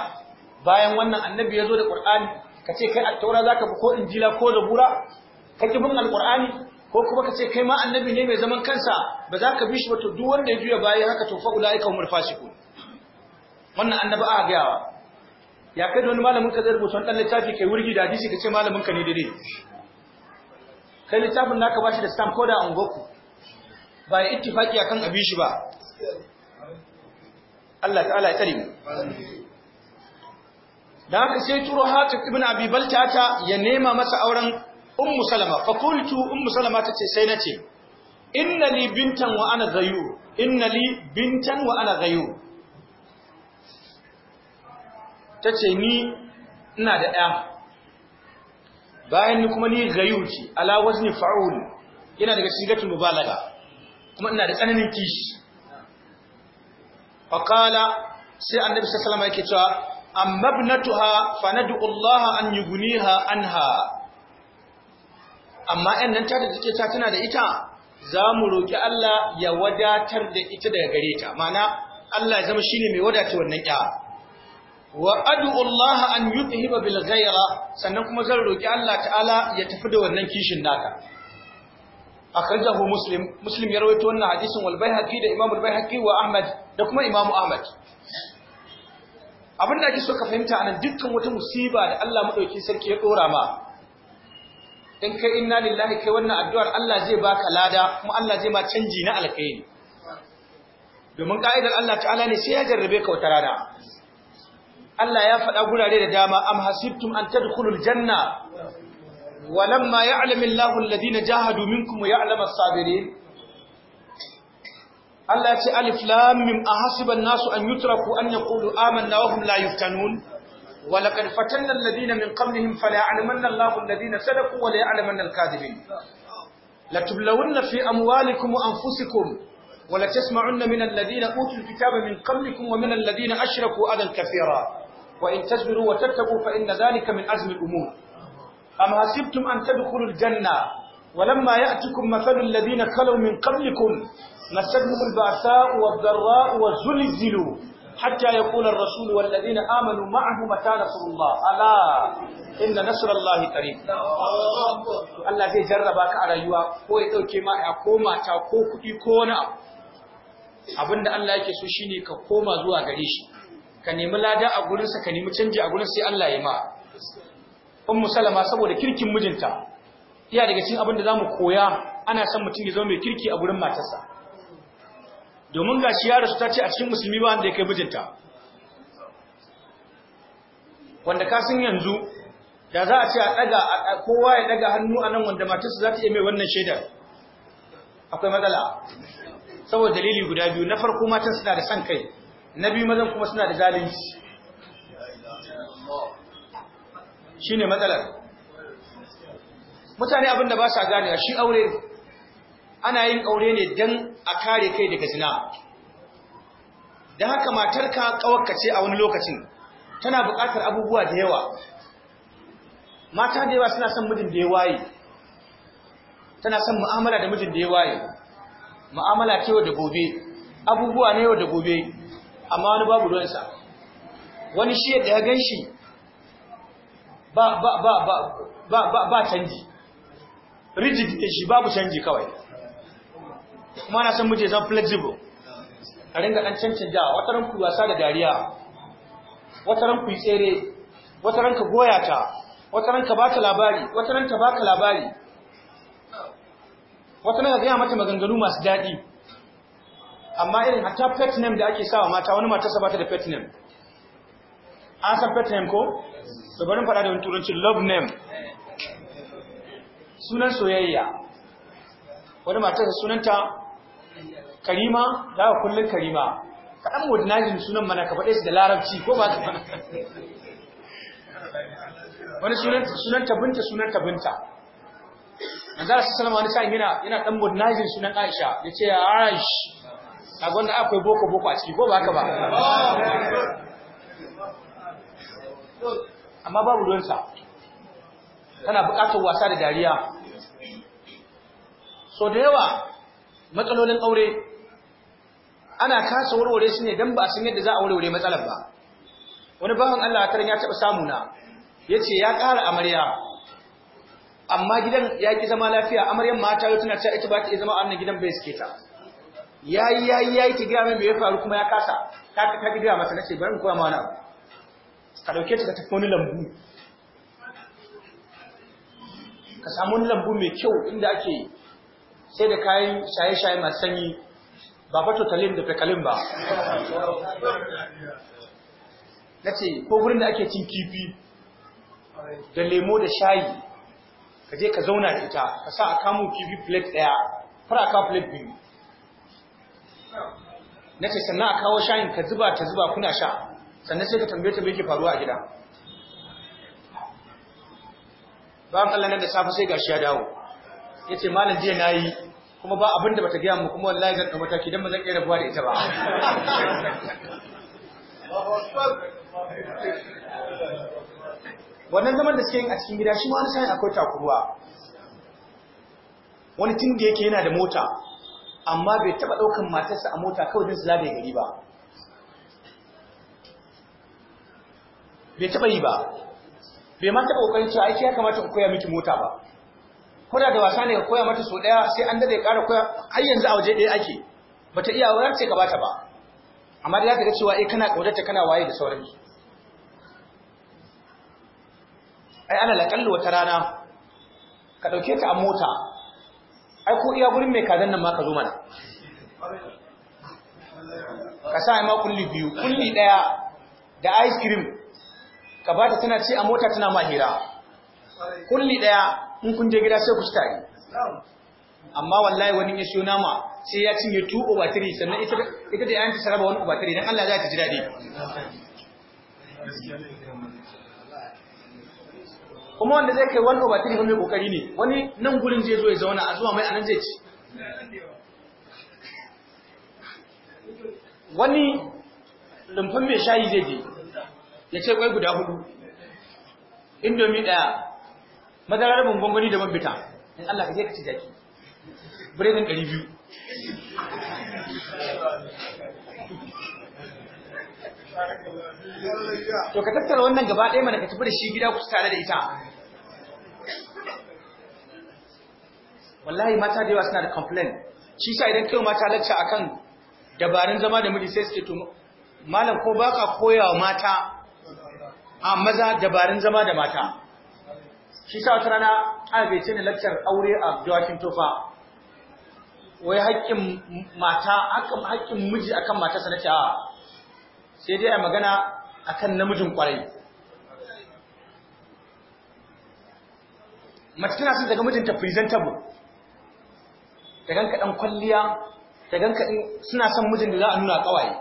bayan wannan annabi ya zo da Qur'ani ka ce kai at-taura ka bi ko injila ko zabura ka ki bin al ko kuma ka ce kai ma annabi ne mai zaman kansa ba za ka bi shi ba to duk wanda ya juya baya haka to fa ulaika humul fasiqun wannan annaba a gayawa ya kai da wani malamin ka zai rubuta wani dan littafi kai wurgi da hadisi ka ce malamin ka ne daidai kai littafin naka bashi da stamp ko da an goku ba ya ittifaki akan abin shi ba Allah ta'ala ya tsare mu da haka sai turo hatib ibn abi baltata ya nema masa auren ummu salama fa qultu ummu salama ta ce sai nace inna li bintan wa ana zayu inna li bintan wa ana zayu ta ce ni ina da ɗaya bayan ni kuma ni gayu ce ala wazni fa'ul yana daga shigatun mubalaga kuma ina da tsananin kishi Wakala, sai annabi sallallahu yake cewa amma ibnatuha fanad'u Allah an ha anha amma 'yan nan ta da take ta tana da ita za mu roƙi Allah ya wadatar da ita daga gare ta mana Allah ya zama shi ne mai wadata wannan ƙyawa wa ad'u Allah an yudhiba bil ghaira sannan kuma zan roki Allah ta'ala ya tafi da wannan kishin naka akhrajahu muslim muslim ya rawaito wannan hadisin wal baihaqi da imam al baihaqi wa ahmad da kuma imam ahmad abinda ake so ka fahimta anan dukkan wata musiba da Allah madauki sarki ya dora ma in kai inna lillahi kai wannan addu'ar Allah zai baka lada kuma Allah zai ma canji na alkhairi domin ka'idar Allah ta'ala ne sai ya jarrabe ka wata rana Allah ya faɗa gurare da dama am hasibtum an tadkhulul janna walamma ya'lamu Allahu alladhina jahadu minkum wa ya'lamu as-sabirin Allah ya ce alif lam mim ahasiba an-nasu an yutraku an yaqulu amanna wa hum la yuftanun wa laqad fatanna alladhina min qablihim falya'lamanna Allahu alladhina sadaqu wa laya'lamanna al-kadhibin latublawunna fi amwalikum wa anfusikum ولتسمعن من الذين أوتوا الكتاب من قبلكم ومن الذين أشركوا أذى كثيرا وإن تصبروا وتتقوا فإن ذلك من عزم الأمور أم حسبتم أن تدخلوا الجنة ولما يأتكم مثل الذين خلوا من قبلكم مستهم البعثاء والضراء وزلزلوا حتى يقول الرسول والذين آمنوا معه متى نصر الله ألا إن نصر الله قريب الله زي جربك على يوا ko ya dauke ma ya koma ta ko kudi ko wani abu abinda Allah yake so shine ka koma zuwa gare shi ka nemi lada a gurinsa ka nemi canji a gurinsa sai Allah ya ma Kun musalama saboda kirkin mijinta iya daga cikin abin da za mu koya ana son mutum ya zama mai kirki a gurin matarsa domin gashi ya rasu ta ce a cikin musulmi ba wanda ya kai mijinta wanda ka san yanzu da za a ce a daga kowa ya daga hannu a nan wanda matarsa za ta iya mai wannan shaidar akwai matsala saboda dalili guda biyu na farko matan suna da son kai na biyu mazan kuma suna da zalunci shi ne matsalar mutane abinda ba sa gane shi aure ana yin aure ne don a kare kai daga zina don haka matarka kawarkace a wani lokacin tana buƙatar abubuwa da yawa mata da yawa suna son mijin da ya waye tana son mu'amala da mijin da ya waye mu'amala ta yau da gobe abubuwa na yau da gobe amma wani babu ruwansa wani shi da ya gan shi ba ba ba ba ba ba canji rigid ne shi babu canji kawai kuma na san muje zan flexible a ringa dan da, wata ran ku wasa da dariya wata ran ku yi tsere wata ran ka goya ta wata ran ka bata labari wata ran ta baka labari wata ran ka gaya mata maganganu masu daɗi amma irin hatta pet name da ake sawa mata wani matarsa ba ta da pet name an san pet name ko? da barin da wani turanci love name sunan soyayya wani matarsa sunanta karima za ka kullum karima kaɗan modernizing sunan mana ka faɗe su da larabci ko ba ta wani sunanta binta sunanta binta manzara salama wani sa'in yana ɗan modernizing sunan aisha ya ce ya aish kaga da akwai boko boko a ciki ko ba haka ba amma babu ruwansa tana bukatar wasa da dariya so da yawa matsalolin aure ana kasa warware su ne don ba a san yadda za a warware matsalar ba wani bawan Allah karin ya taɓa samuna ya ce ya ƙara amarya amma gidan ya ki zama lafiya amaryan mata yau tana ta ita ba ta zama a wannan gidan bai suke ta yayi yayi yayi ki gaya min me ya faru kuma ya kasa ta ka ki gaya masa nace bari in koya mana ka dauke ta ka tafi wani lambu ka samu wani lambu mai kyau inda ake sai da kayan shaye-shaye masu sanyi ba fato da fekalin ba na ce ko wurin da ake cin kifi da lemo da shayi ka je ka zauna da ita ka sa a kamun kifi plate ɗaya fara ka plate biyu nace ce sannan a kawo shayin ka zuba ta zuba kuna sha sannan sai ka tambaye ta me yake faruwa a gida bayan Allah nan da safe sai gashi ya dawo yace malam jiya nayi kuma ba abinda bata gaya mu kuma wallahi zan dauka ki dan ba zan iya rabuwa da ita ba wannan zaman da suke yin a cikin gida shi ma wani sai akwai takuruwa wani tun da yake yana da mota amma bai taba ɗaukan matarsa a mota kawai din su gari ba bai taɓa yi ba bai ma taba ƙoƙarin cewa aiki ya kamata in koya miki mota ba kuna da wasa ne ka koya mata sau ɗaya sai an dade ƙara koya har yanzu a waje ɗaya ake bata iya wurin ce ka bata ba amma da za ta ga cewa eh kana kaudarta kana waye da sauransu ai ana laƙalli wata rana ka ɗauke ta a mota ai ko iya gurin mai kazan nan ma ka zo mana ka sa ma kulli biyu kulli daya da ice cream ka ba ta tana ci a mota tana mahira kulli daya in kun je gida sai ku ci tare amma wallahi wani ya siyo nama sai ya cinye 2 over 3 sannan ita da yayanta saraba wani over 3 dan Allah za ta ji dadi kuma wanda zai kai wani over three mai kokari ne wani nan gurin zai zo ya zauna a zuwa mai anan zai ci wani lumfin mai shayi zai je ya ce kwai guda hudu indomi daya madarar mun gwangwani da mabita bita in Allah ka je ka ci jaki biredin ɗari biyu <laughs> to ka tattara wannan gaba ɗaya mana ka tafi da shi gida ku tare da ita wallahi mata da yawa suna da complain shi sa idan kai mata lacca akan dabarun zama da miji sai suke to malam ko baka koyawa mata a maza dabarun zama da mata shi sa wata rana bai ni lakcar aure a dawakin tofa wai haƙƙin mata haƙƙin miji akan mata sanata sai dai a magana akan namijin kwarai mace tana son daga mijinta presentable ta ganka dan kwalliya ta ganka suna son mijin da za a nuna kawaye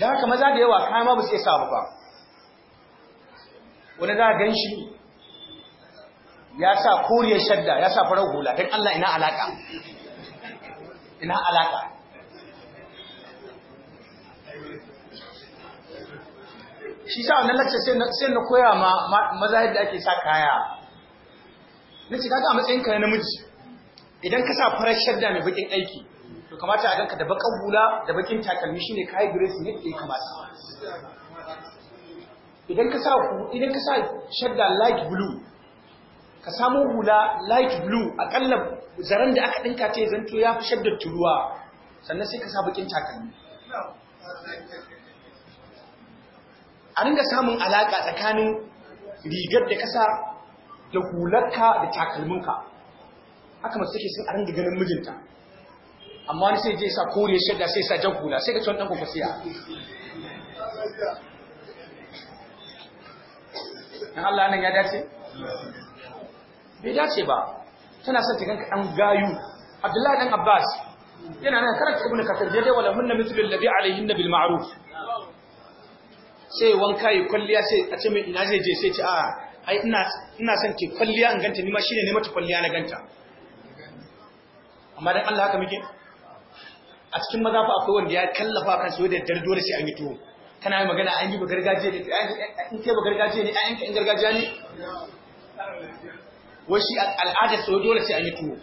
da haka maza da yawa kaya ma ba su iya ba wani za a gan shi ya sa koriyar shadda ya sa farar hula don Allah ina alaka ina alaka shi sa wannan lecture sai na sai na koya ma maza yadda ake sa kaya nace kaga a matsayin ka na namiji idan ka sa farar shadda mai bakin aiki to kamata a ganka da bakan hula da bakin takalmi shine kai grace ne da kamata idan ka sa idan ka sa shadda light blue ka samu hula light blue akalla zaren da aka dinka ta zanto ya fi shaddar turuwa sannan sai ka sa bakin takalmi a ringa samun alaƙa tsakanin rigar da kasa da hularka da takalminka haka masu take sun a ringa ganin mijinta amma wani sai je sa kore shadda sai sa jan hula sai ka cewa ɗan kwakwasiya in Allah nan ya dace? bai dace ba tana son ta ɗan gayu abdullahi ɗan abbas yana nan karanta ibn kasir daidai wala hunna labi ladhi alayhinna bil ma'ruf sai wanka yi kwalliya sai a ce mai ina zai je sai ce a ai ina son ke kwalliya in ganta ni ma shine ne mata kwalliya na ganta amma dan Allah haka muke a cikin maza fa akwai wanda ya kallafa kan su da daddare dole sai an yi tuwo kana yi magana an yi ba gargajiya ne in kai ba gargajiya ne ayyanka in gargajiya ne wai shi al'adar dole sai an yi tuwo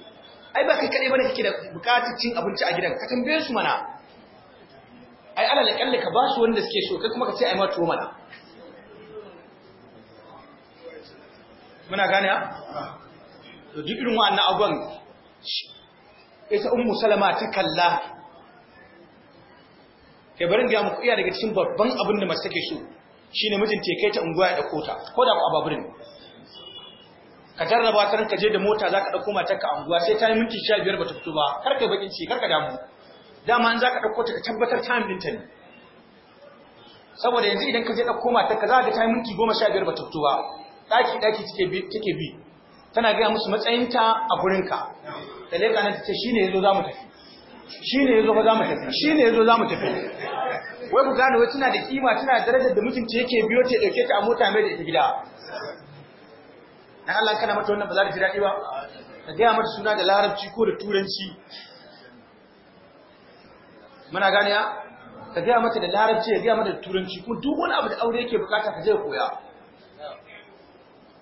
ai ba kai kaɗai bane kake da bukatar cin abinci a gidan ka tambaye su mana ai da kalle ka ba su wanda suke so kai kuma ka ce ai ma to mana muna gane to duk irin wa'annan abubuwan ita ummu salama ta kalla ke barin ga muku iya daga cikin babban abin da mace take so shine mijinta ya kai ta unguwa ya dauko ta ko da ku a ka jarraba ta ranka je da mota zaka dauko matarka a unguwa sai ta yi minti 15 bata fito ba kar kai bakin ci kar ka damu dama an za ka ɗauko ta ka tabbatar ta yi ne saboda yanzu idan ka je ɗauko ka za ka ta minti goma sha biyar ba ta fito ba ɗaki ɗaki take bi tana gaya musu matsayinta a gurinka da leƙa nan ta ce shi ne ya zo za mu tafi shi ne ya zo za mu tafi shi ne ya zo za mu tafi wai ku gane wai tana da kima tana da darajar da mutunci yake biyo ta ɗauke ta a mota mai da ita gida na Allah kana mata wannan ba za ta ji daɗi ba ka gaya mata suna da larabci ko da turanci muna gane ya ka gaya mata da larabci ya gaya mata da turanci ko duk wani abu da aure yake bukata ka je ka koya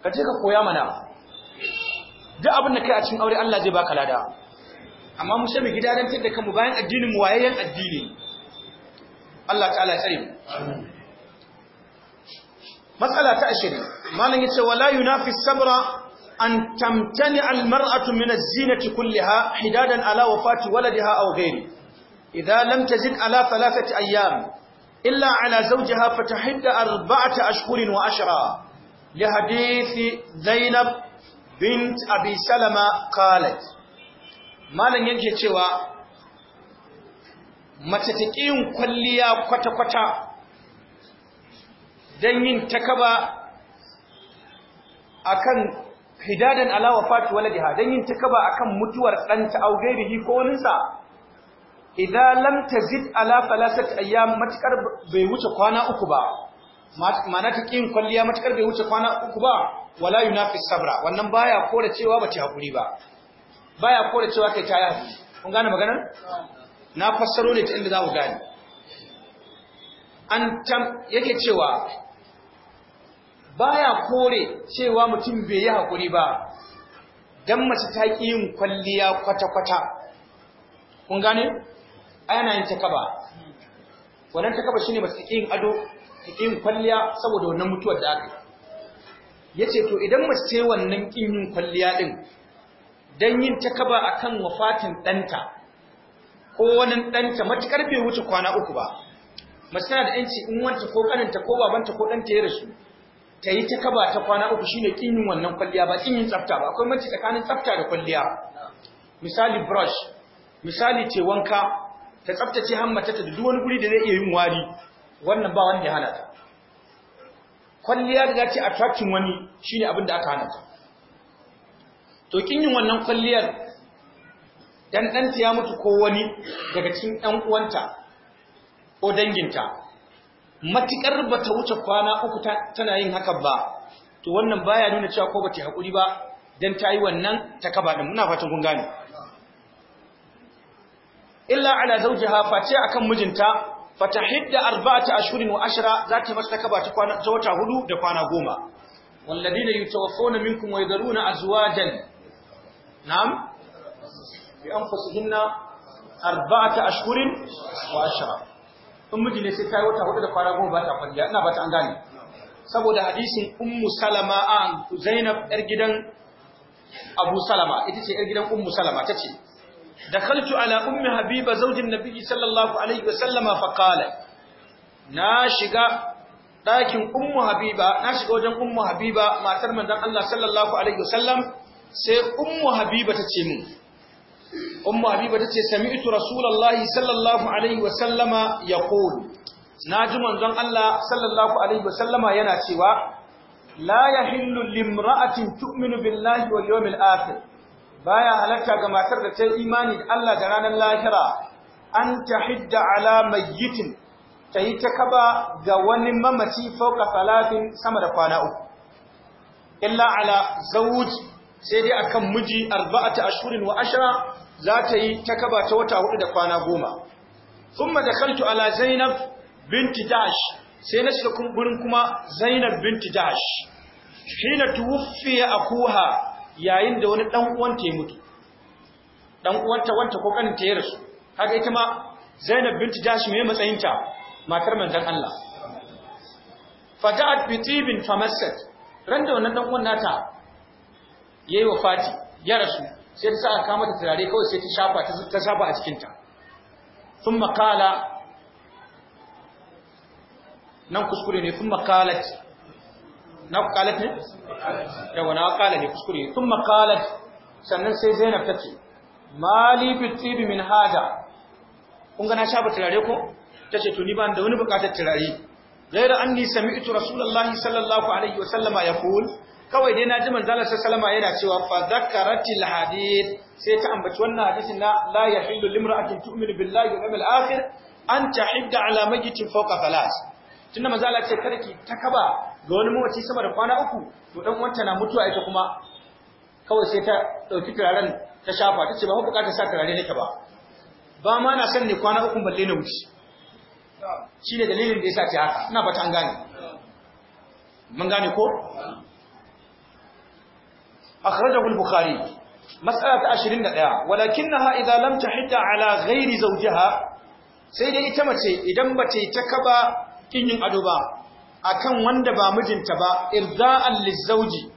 ka je ka koya mana duk abin da kai a cikin aure Allah zai baka lada amma mu sai mu gidarantar da kanmu bayan addinin mu wayayyen addini Allah ta'ala ya tsare mu matsala ta ashirin malam yace wala fi sabra an tamtani almar'atu min az-zinati kulliha hidadan ala wafati waladiha aw ghairi idza lam tajid ala thalathati ayyam illa ala zawjiha fatahidda arba'ata ashhurin wa ashra li hadithi zainab bin abi salama qalat malan yake cewa mace ta yin kwalliya kwata-kwata don yin takaba akan hidadan alawa fati waladiha don yin takaba akan mutuwar ɗanta augairihi ko waninsa idan lam tazid ala falasat ayyam matkar bai wuce kwana uku ba ma'ana ta kin kwalliya matkar bai wuce kwana uku ba wala yunafi sabra wannan baya kore cewa bace hakuri ba baya kore cewa kai ta yafi kun gane maganar na fassaro ne ta inda za ku gane an tam yake cewa baya kore cewa mutum bai yi hakuri ba dan mace ta ki yin kwalliya kwata kwata kun gane ana yin takaba wannan takaba shine ba su ado yin kwalliya saboda wannan mutuwar da aka yace to idan mace ce wannan kin yin kwalliya din dan yin takaba akan wafatin danta ko wannan danta matukar bai wuce kwana uku ba masana tana da yanci in wanta ko kananta ko babanta ko danta ya rasu ta yi takaba ta kwana uku shine kin yin wannan kwalliya ba kin yin tsafta ba akwai mace tsakanin tsafta da kwalliya misali brush misali ce wanka ta tsaftace hammata ta duk wani guri da zai iya yin wari wannan ba wanda ya hana ta kwalliya da zai attracting wani shine abin da aka hana ta to kin yin wannan kwalliyar dan danta ya mutu ko wani daga cikin ɗan uwanta ko danginta matikar ta wuce kwana uku tana yin haka ba to wannan baya nuna cewa ko bata hakuri ba dan ta yi wannan ta takaba din muna fatan kun gane illa ala zawjiha face akan mijinta fatahidda arba'ata ashhurin wa ashra zati masa kaba ta kwana ta wata hudu da kwana goma ladina yutawaffawna minkum wa yadharuna azwajan na'am bi anfusihinna arba'ata ashhurin wa ashra in miji ne sai ta yi wata hudu da kwana goma ba ta kwalliya ina ba ta an gane saboda hadisin ummu salama an zainab yar gidan abu salama ita ce yar gidan ummu salama ta ce دخلت على أم حبيبة زوج النبي صلى الله عليه وسلم فقال ناشق ɗakin ummu habiba na shiga wajen ummu habiba matar manzon Allah sallallahu alaihi wasallam sai ummu habiba ta ce min ummu habiba ta ce sami'tu rasulullahi sallallahu alaihi wasallama yaqul naji manzon Allah sallallahu alaihi wasallama yana cewa la yahillu limra'atin tu'minu billahi wal yawmil baya halatta ga matar da ta imani da Allah da ranar lahira an tahidda ala mayyitin ta yi ta kaba ga wani mamaci fauka salatin sama da kwana uku illa ala zawuj sai dai akan miji arba'ata ashurin wa ashra za ta yi ta kaba ta wata hudu da kwana goma thumma dakhaltu ala zainab binti dash sai na shiga kuma zainab binti dash hina tuwfiya akuha yayin da wani dan ya mutu dan wanta ko kanin ta ya rasu haka ita ma Zainab binti Jashim mai matsayin ta matar manzon Allah fata'at bi tibin ran da wannan dan uwan nata yayi wafati ya rasu sai ta sa aka mata turare kawai sai ta shafa ta shafa a cikin ta makala. nan kuskure ne sun qalat na qalat ne yawa na qala ne kuskure thumma qalat sannan sai Zainab tace mali bi tibi min hada kun ga na shafa turare ko tace to ni ba da wani bukatar turare gaira anni sami'tu rasulullahi sallallahu alaihi wasallama yaqul kawai dai na ji manzalar sallama yana cewa fa zakaratil hadith sai ta ambaci wannan hadisin na la yahilu limra'atin tu'minu billahi wal yawmil akhir an tahidda ala majitin fawqa thalas tunda manzo Allah ce kada ki takaba ga wani mawaci sama da kwana uku to dan uwanta na mutuwa ita kuma kawai sai ta dauki turaren ta shafa ta ce ba mu bukatar sa turare nake ba ba ma na san ne kwana uku balle na wuce shine dalilin da yasa ta haka ina fata an gane mun gane ko akhrajahu al-bukhari mas'alat 21 walakinaha idza lam tahidda ala ghairi zawjiha sai dai ita mace idan bace ta kaba kin yin ado ba akan wanda ba mijinta ba irza'an lizauji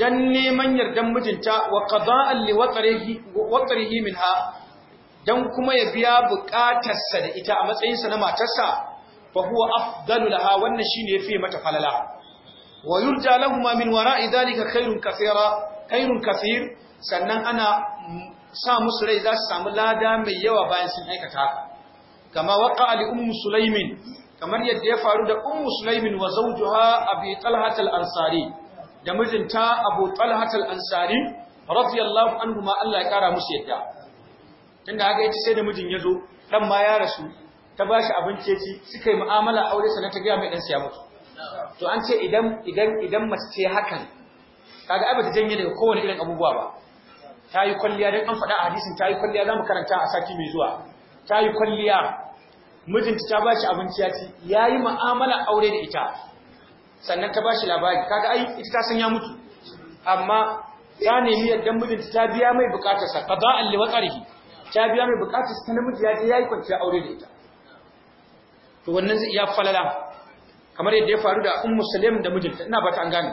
dan neman yardan mijinta wa qada'an li waqrihi minha dan kuma ya biya bukatarsa da ita a matsayinsa na matarsa fa huwa afdalu laha wannan shine yafi mata falala wa yurja lahumma min wara'i dhalika khairun kathira khairun kathir sannan ana sa musu rai za su samu lada mai yawa bayan sun aikata kama waqa ali ummu sulaimin kamar yadda ya faru da ummu sulaimin wa zawjuha abi talhat al-ansari da mijinta abu talhat al-ansari radiyallahu anhu ma Allah ya kara musu yadda tunda haka yace sai da mijin ya zo dan ma ya rasu ta bashi abinci ci suka yi mu'amala aure sana ta ga mai dan siya musu to an ce idan idan idan mace ce hakan kaga ai da janye daga kowane irin abubuwa ba ta yi kwalliya dan an faɗa a hadisin ta yi kwalliya zamu karanta a sati mai zuwa ta yi kwalliya mijinta ta bashi abinci ya ci ya yi mu'amala aure da ita sannan ta bashi labari kaga ai ita ta san ya mutu amma ta nemi yadda mijinta ta biya mai bukatarsa qada'an li waqarihi ta biya mai bukatarsa ta namiji ya je yayi kwanciya aure da ita to wannan zai iya falala kamar yadda ya faru da ummu salim da mijinta ina ba an gane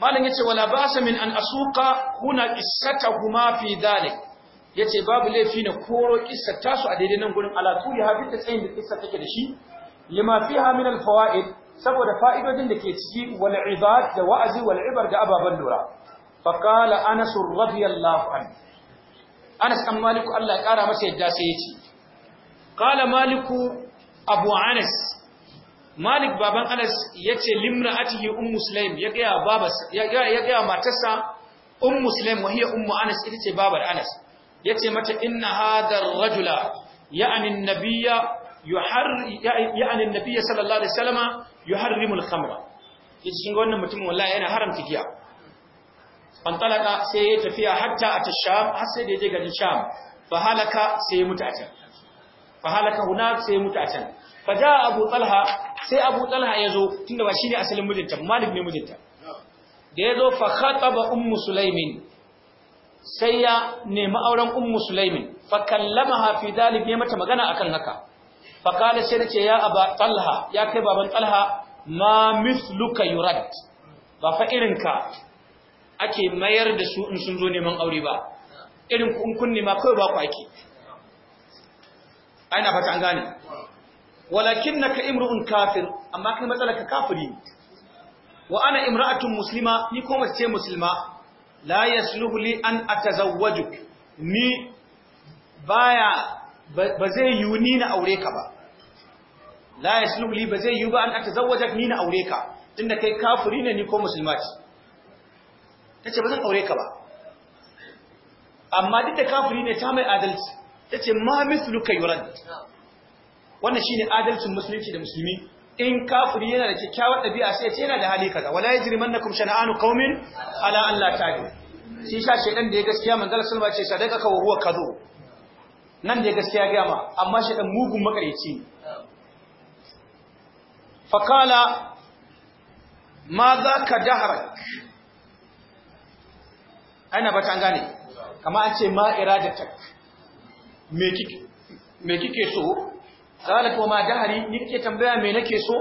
malam yace wala ba'sa min an asuqa huna qissatahuma fi dhalik yace babu laifi na koro kissar tasu a daidai nan gurin ala ya habib da tsayin da kissar take da shi lima fiha min saboda fa'idodin da ke ciki wal da wa'azi abar ga da ababan lura fa qala anas radiyallahu anas an maliku Allah ya kara masa yadda sai yace qala maliku abu anas malik baban anas yace limra'atihi ummu sulaim ya gaya babarsa ya ga matarsa un sulaim wa hiya ummu anas ita ce babar anas Ya yace mata inna hadar rajula ya'ni annabiyya yuhar ya'ni annabiyya sallallahu alaihi wasallama yuharrimul khamra yace kin ga wannan mutum wallahi yana haramta giya fantalaka sai ya tafiya hatta a tasham har sai da ya je garin sham fa halaka sai ya mutu a can fa halaka hunak sai ya mutu a can fa ja abu talha sai abu talha ya zo tunda ba shi ne asalin mijinta malik ne mijinta da ya zo fa khataba ummu sulaimin sai ya nemi auren ummu sulaimin fa kallamaha fi dalik ya mata magana akan haka fa kana sai nace ya aba talha ya kai baban talha ma misluka yurad ba fa irinka ake mayar da su in sun zo neman aure ba irin kun kunne ma kai ba ku ake aina fata an gane walakinnaka imru'un kafir amma kai matsalaka kafiri ne wa ana imra'atun muslima ni ko mace musulma la yasluhu li an atazawwaju ni baya ba zai yi ni na aure ka ba la yasluhu li ba zai yi ba an atazawwajak ni na aure ka tunda kai kafiri ne ni ko musulma ce tace ba zan aure ka ba amma duk da kafiri ne ta mai adalci tace ma mithluka yurad wannan shine adalcin musulunci da musulmi in kafiri yana da kyakkyawar ɗabi'a sai ce yana da hali kaza wala yajrimannakum shana'anu qaumin ala Allah ta'ala shi sha shedan da ya gaskiya manzal sulma ce sadaka ka ruwa kazo nan da ya gaskiya ga ma amma shedan mugun makareci fa qala ma za ka dahrak ana ba ta gane kama an ce ma iradatak me kike me kike so qalat wa ma ni kake tambaya me nake so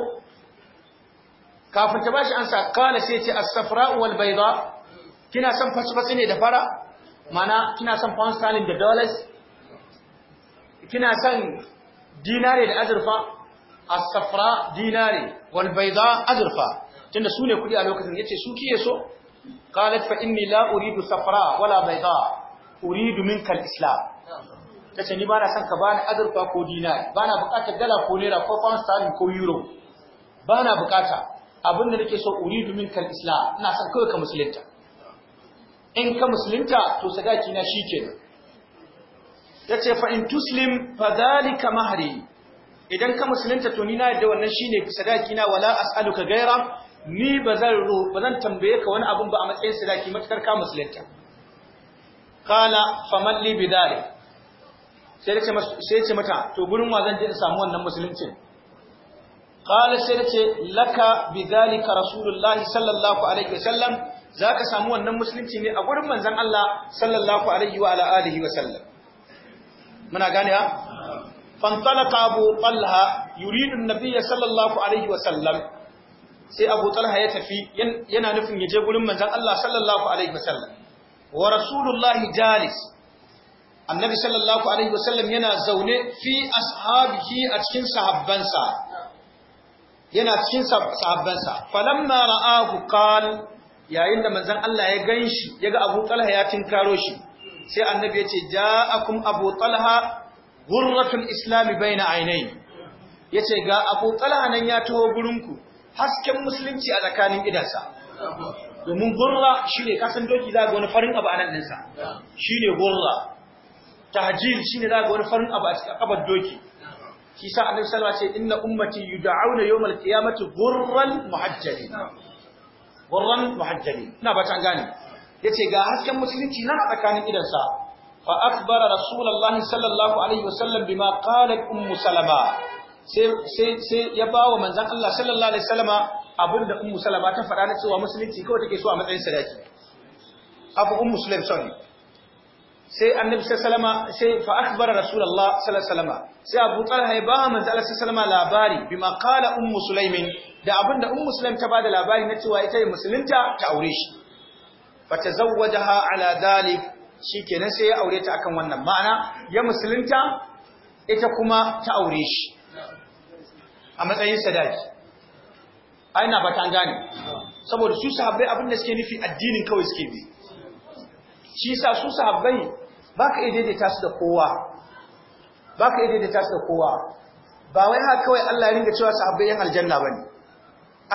kafin ta bashi ansa qala sai ce as-safra wal kina son fasfasi ne da fara mana kina son pound da dollars kina son dinare da azurfa as-safra dinare azurfa tunda sune kudi a lokacin yace su kiye so qalat fa inni la uridu safra wala bayda uridu minka al-islam kace ni ba na son ka bani azurfa ko dinar ba na bukatar dala ko naira ko pound sterling ko euro ba na abin da nake so uridu minkal islam ina son kai ka musulunta in ka musulunta to sadaki na shikenan yace fa in tuslim fa dhalika mahri idan ka musulunta to ni na yadda wannan shine sadaki na wala as'aluka gaira ni bazan ro bazan tambaye ka wani abun ba a matsayin sadaki matakar ka musulunta qala faman li bidhalik sai ce mata to gurin wa zan je in samu wannan musuluncin qala sai ce laka bidhalika rasulullahi sallallahu alaihi wasallam zaka samu wannan musulunci ne a gurin manzon Allah sallallahu alaihi wa ala alihi wasallam muna gane ha fantalaka abu talha yuridu an-nabiyya sallallahu alaihi wasallam sai abu talha ya tafi yana nufin ya je gurin manzon Allah sallallahu alaihi wasallam wa rasulullahi jalis annabi sallallahu alaihi wasallam yana zaune fi ashabihi a cikin sahabbansa yana cikin sahabbansa falamma ra'ahu qal yayin da manzon Allah ya ganshi yaga Abu Talha ya tinkaro shi sai annabi yace ce ja'akum Abu Talha ghurratul islam bayna aynay yace ga Abu Talha nan ya taho gurinku hasken musulunci a tsakanin idansa domin gurra shine kasan doki za ga wani farin abu a nan shine gurra tahjil shine zaka wani farin abu a cikin kabar doki shi sa annabi sallallahu alaihi wasallam ce inna ummati yud'auna yawmal qiyamati ghurran muhajjalin ghurran muhajjalin ina ba ta gane yace ga hasken musulunci nan a tsakanin idan sa fa akhbara rasulullahi sallallahu alaihi wasallam bima qalat ummu salama sai sai sai ya bawa manzon Allah sallallahu alaihi wasallama abinda ummu salama ta faɗa na cewa musulunci kawai take so a matsayin sadaki abu ummu sulaim sorry sai annabi sallama sai fa akhbara rasulullah sallallahu sai abu talha ya ba manzo Allah sallama labari bima qala ummu sulaimin da abinda ummu sulaim ta bada labari na cewa ita musulunta ta aure shi fa tazawwajaha ala dalik shikenan sai ya aure ta akan wannan ma'ana ya musulunta ita kuma ta aure shi a matsayin sadaki aina ba ta gane saboda su sahabbai abinda suke nufi addinin kawai suke bi shi sa su sahabbai ka iya daidaita su da kowa ba ka iya daidaita su da kowa ba wai haka kawai Allah ya ringa cewa sahabbai yan aljanna bane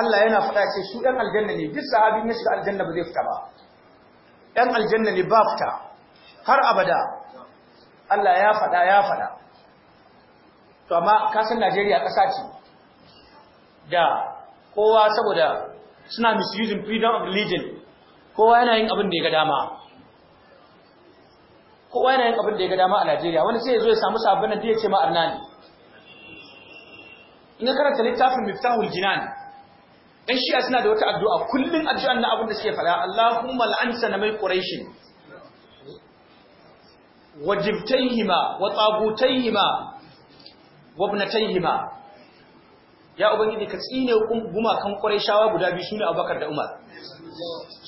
Allah yana faɗa ce su yan aljanna ne duk sahabin ya shiga aljanna ba zai fita ba yan aljanna ne ba fita har abada Allah ya faɗa ya faɗa to amma ka san Najeriya ƙasa ce da kowa saboda suna misusing freedom of religion kowa yana yin abin da ya ga dama kowa yana yin abin da ya ga dama a Najeriya wani sai ya zo ya samu sabbin da ya ce ma Arnani in ka karanta littafin miftahul jinan dan shi'a suna da wata addu'a kullun addu'an na abin da suke fada Allahumma la'anta na mai quraish wa wa tagutayhima wa ibnatayhima ya ubangiji ka tsine gumakan quraishawa guda biyu sune Abubakar da Umar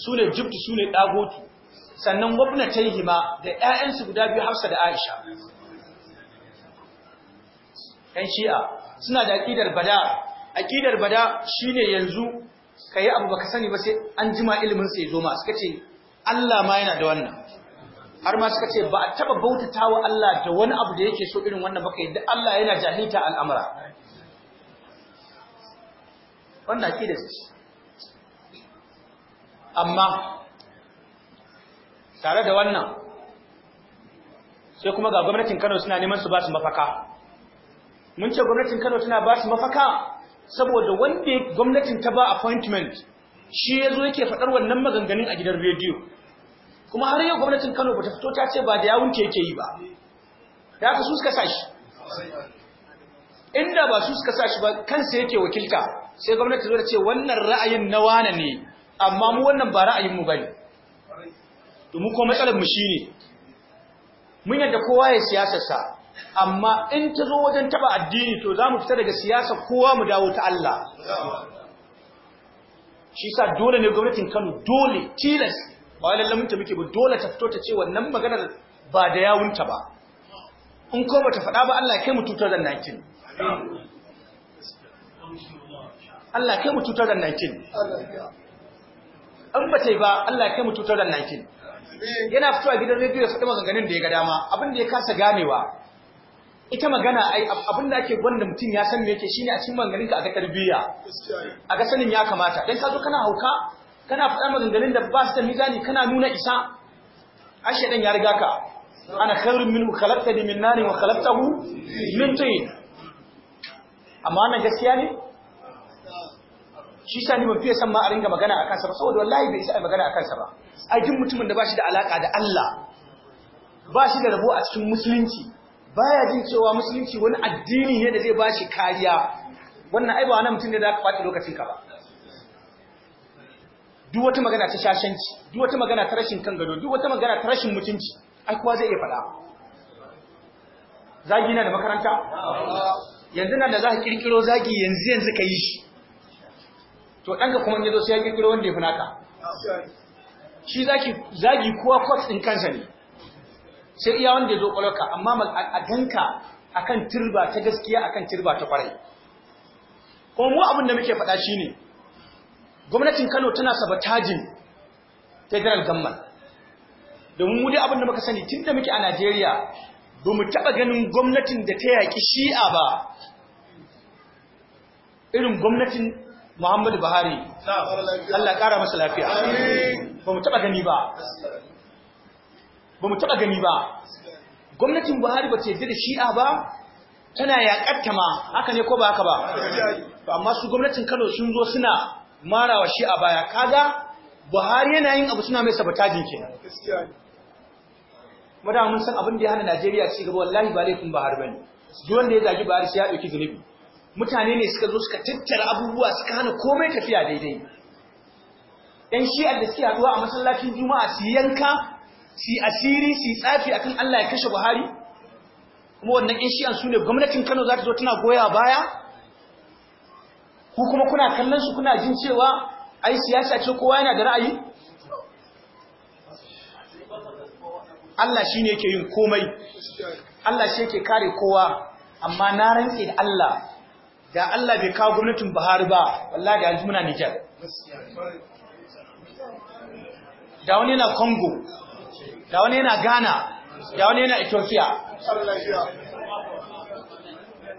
sune jibtu sune Dagoti. sannan ta yi ma da yayansu guda biyu Hafsa da Aisha yan shi'a suna da aƙidar bada Aƙidar bada shi ne yanzu ka yi abu ba ka sani ba sai an jima ilimin sai zo ma suka ce Allah ma yana da wannan har ma suka ce ba a taba bautatawa Allah da wani abu da yake so irin wannan baka yadda Allah yana jahilta al'amura wannan aqidar ce amma tare da wannan sai kuma ga gwamnatin Kano suna neman su ba su mafaka mun ce gwamnatin Kano tana ba su mafaka saboda wanda gwamnatin ta ba appointment shi yazo yake fadar wannan maganganun a gidan radio kuma har yau gwamnatin Kano bata fito ta ce ba da yawun yake yi ba da ka su suka sashi inda ba su suka sashi ba kansa yake wakilta sai gwamnati zo ta ce wannan ra'ayin na wane ne amma mu wannan ba ra'ayin mu bane domin ko matsalar mu shine mun yadda kowa ya siyasarsa amma in ta zo wajen taba addini to za mu fita daga siyasa kowa mu dawo ta Allah shi sa dole ne gwamnatin Kano dole tilas ba wai lallamin ta muke ba dole ta fito ta ce wannan maganar ba da yawunta ba in ko bata faɗa ba Allah kai mu tutar da nakin Allah kai mu tutar da nakin an yi ba Allah kai mu tutar da nakin yana fitowa gidan rediyo su dama maganganun da ya ga dama abin da ya kasa ganewa ita magana ai abin da ake gwanda mutum ya san me yake shine a cikin maganganun ka a ga tarbiyya a ga sanin ya kamata dan ka zo kana hauka kana faɗa maganganun da ba su da mizani kana nuna isa ashe dan ya riga ka ana khairun minhu khalaqtani min nanin wa khalaqtahu min tin amma wannan gaskiya ne shi sa ni ban fiye san ma a ringa magana a kansa ba saboda wallahi bai isa magana a kansa ba Aikin mutumin da ba shi da alaka da Allah ba shi da rabo a cikin musulunci baya jin cewa musulunci wani addini ne da zai shi kariya wannan ai ba wani mutum ne da ka ɓata lokacin ka ba duk wata magana ta shashanci duk wata magana ta rashin kan gado duk wata magana ta rashin mutunci ai kowa zai iya faɗa zagi na da makaranta yanzu nan da za ka kirkiro zagi yanzu yanzu ka yi shi to ɗanka kuma ya zo sai ya kirkiro wanda ya fi naka shi zagi kowa kwas ɗin kansa ne sai iya wanda ya zo ƙwalwarka amma a ganka akan turba ta gaskiya akan turba ta kwarai kuma mu abin da muke faɗa shi ne. gwamnatin Kano tana sabatajin federal gammal. domin mu dai abin da muka sani tun da muke a Najeriya ba mu taɓa ganin gwamnatin da ta yaƙi shi'a ba irin gwamnatin Muhammadu Buhari Allah ƙara masa lafiya ba mu taɓa gani ba ba mu taɓa gani ba gwamnatin Buhari ba ce da shi'a ba tana yaƙar ta haka ne ko ba haka ba amma su gwamnatin Kano sun zo suna marawa shi'a baya kaga Buhari yana yin abu suna mai sabatajin kenan mun san abin da ya hana Najeriya ci gaba wallahi ba laifin Buhari bane duk wanda ya zagi Buhari sai ya ɗauki zunubi mutane ne suka zo suka tattara abubuwa suka hana komai tafiya daidai yan shi'ar da suke haɗuwa a masallacin juma'a su yanka su asiri su tsafi akan Allah ya kashe Buhari kuma wannan yan shi'an su ne gwamnatin Kano za ta zo tana goya baya Ko kuma kuna kallon su kuna jin cewa ai siyasa ce kowa yana da ra'ayi Allah shi ne yake yin komai Allah shi yake kare kowa amma na rantse da Allah da Allah bai kawo gwamnatin Buhari ba wallahi da yanzu muna Niger da wani yana Congo da wani yana Ghana da wani yana Ethiopia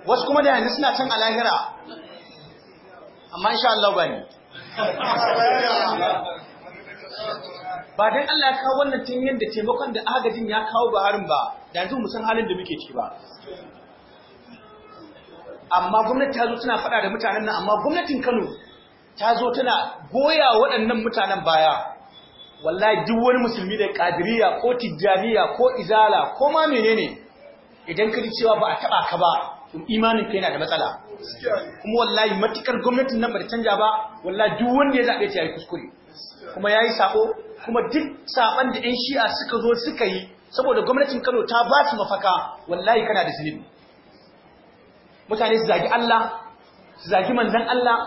wasu kuma da yanzu suna can a lahira amma insha Allah ba ne ba dan Allah ya kawo wannan tun yadda taimakon da agajin ya kawo Buharin ba da yanzu musan halin da muke ciki ba amma gwamnati ta zo tana faɗa da mutanen nan amma gwamnatin Kano ta zo tana goya waɗannan mutanen baya wallahi duk wani musulmi da kadiriya ko tijjaniya ko izala ko ma menene idan ka ji cewa ba a taɓa ka ba imanin ka yana da matsala kuma wallahi matukar gwamnatin nan ba ta canja ba wallahi duk wanda ya zabe ta yayi kuskure kuma yayi sako kuma duk saban da yan shi'a suka zo suka yi saboda gwamnatin Kano ta ba su mafaka wallahi kana da zunubi mutane su zagi Allah su zagi manzan Allah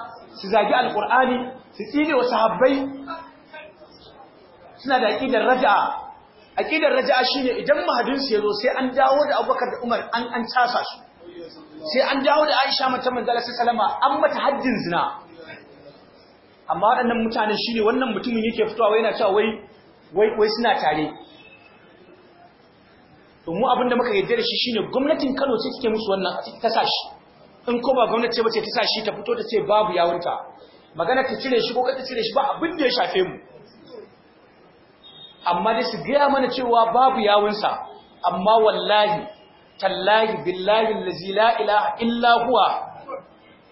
su zagi alkur'ani su tsine wa sahabbai suna da aqidar raja'a aqidar raja'a shine idan mahadinsu ya zo sai an dawo da Abubakar da Umar an an tasa su sai an dawo da Aisha mata manzala sallama an mata haddin zina amma waɗannan mutane shine wannan mutumin yake fitowa yana cewa wai wai suna tare to mu abin da muka yarda da shi shine gwamnatin Kano ce take musu wannan ta sa shi in ko ba gwamnati ba ce ta shi ta fito ta ce babu yawunta magana ta cire shi ko ka ta cire shi ba abin da ya shafe mu amma dai su gaya mana cewa babu yawunsa amma wallahi tallahi billahi allazi la ilaha illa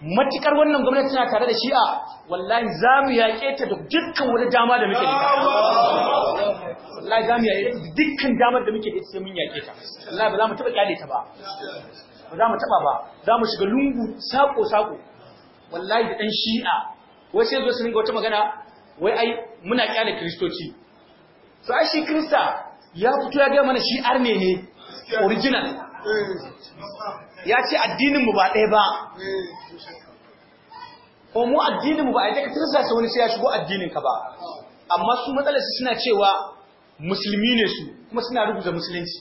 matukar wannan gwamnati tana tare da shi'a wallahi za mu yaƙe ta da dukkan wani dama da muke da ita. wallahi za mu yaƙe ta dukkan damar da muke da ita sai mun yaƙe ta wallahi ba za mu taɓa ƙyale ta ba ba za mu taɓa ba za mu shiga lungu saƙo-saƙo. wallahi da ɗan shi'a wai sai zo su ringa wata magana wai ai muna ƙyale kiristoci to ai shi kirista ya fito ya gaya mana shi arne ne original ya ce addininmu ba ɗaya ba ko mu addininmu ba a yi daga sa sa wani sai ya shigo ka ba amma su matsalarsu suna cewa musulmi ne su kuma suna rubuta musulunci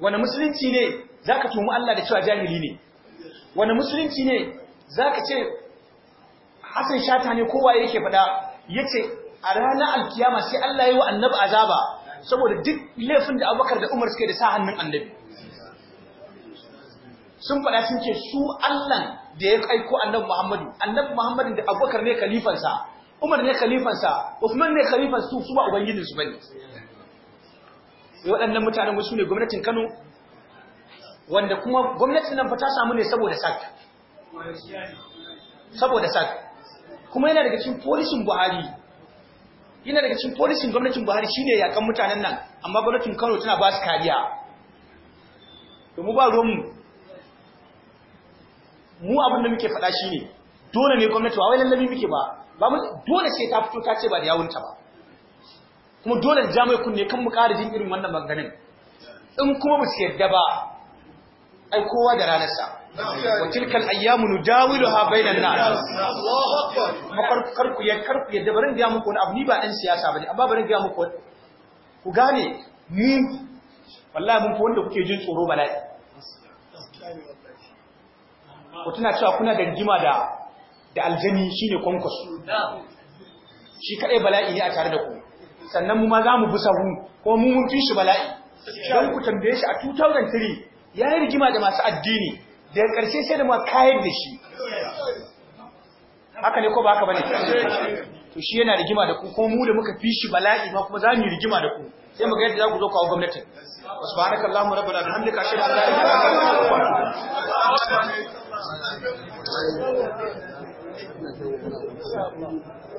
wani musulunci ne za ka tumu Allah da cewa jahili ne wani musulunci ne za ka ce hasan shata ne kowa yake faɗa ya ce a ranar alkiyama sai Allah ya yi wa annabi azaba saboda duk laifin da abubakar da umar suke da sa hannun annabi sun faɗa sun ce su Allah da ya aiko annabi Muhammadu annabi Muhammadu da Abubakar ne khalifansa Umar ne khalifansa Uthman ne khalifansa su su ba Ubangiji su bane waɗannan mutanen su ne gwamnatin Kano wanda kuma gwamnatin nan fa ta samu ne saboda sak saboda sak kuma yana daga cikin polisin Buhari yana daga cikin polisin gwamnatin Buhari shine yakan mutanen nan amma gwamnatin Kano tana ba su kariya domin ba ruwanmu mu abin da muke faɗa shine dole ne gwamnati ba wai lallabi muke ba ba mu dole sai ta fito ta ce ba da yawunta ba kuma dole da jami'ai kunne kan mu ƙara jin irin wannan maganin in kuma ba su yarda ba ai kowa da sa wa tilkal ayyamu nudawiluha bainan nas kar ku ya karku yadda barin ga muku wani abu ni ba dan siyasa bane amma barin ga muku ku gane ni wallahi mun ko wanda kuke jin tsoro bala'i ko tana cewa kuna da rigima da da aljani shine kwankwaso shi kadai bala'i ne a tare da ku sannan mu ma za mu bi sahu ko mu mun fi shi bala'i dan ku tambaye shi a 2003 ya yi rigima da masu addini da ƙarshe sai da ma kayar da shi haka ne ko ba haka bane to shi yana rigima da ku ko mu da muka fi shi bala'i ma kuma za mu yi rigima da ku sai mu ga yadda za ku zo kawo gwamnatin subhanakallahumma rabbana bihamdika ashhadu an la ilaha illa anta astaghfiruka wa atubu ilaik Ana da Thank you.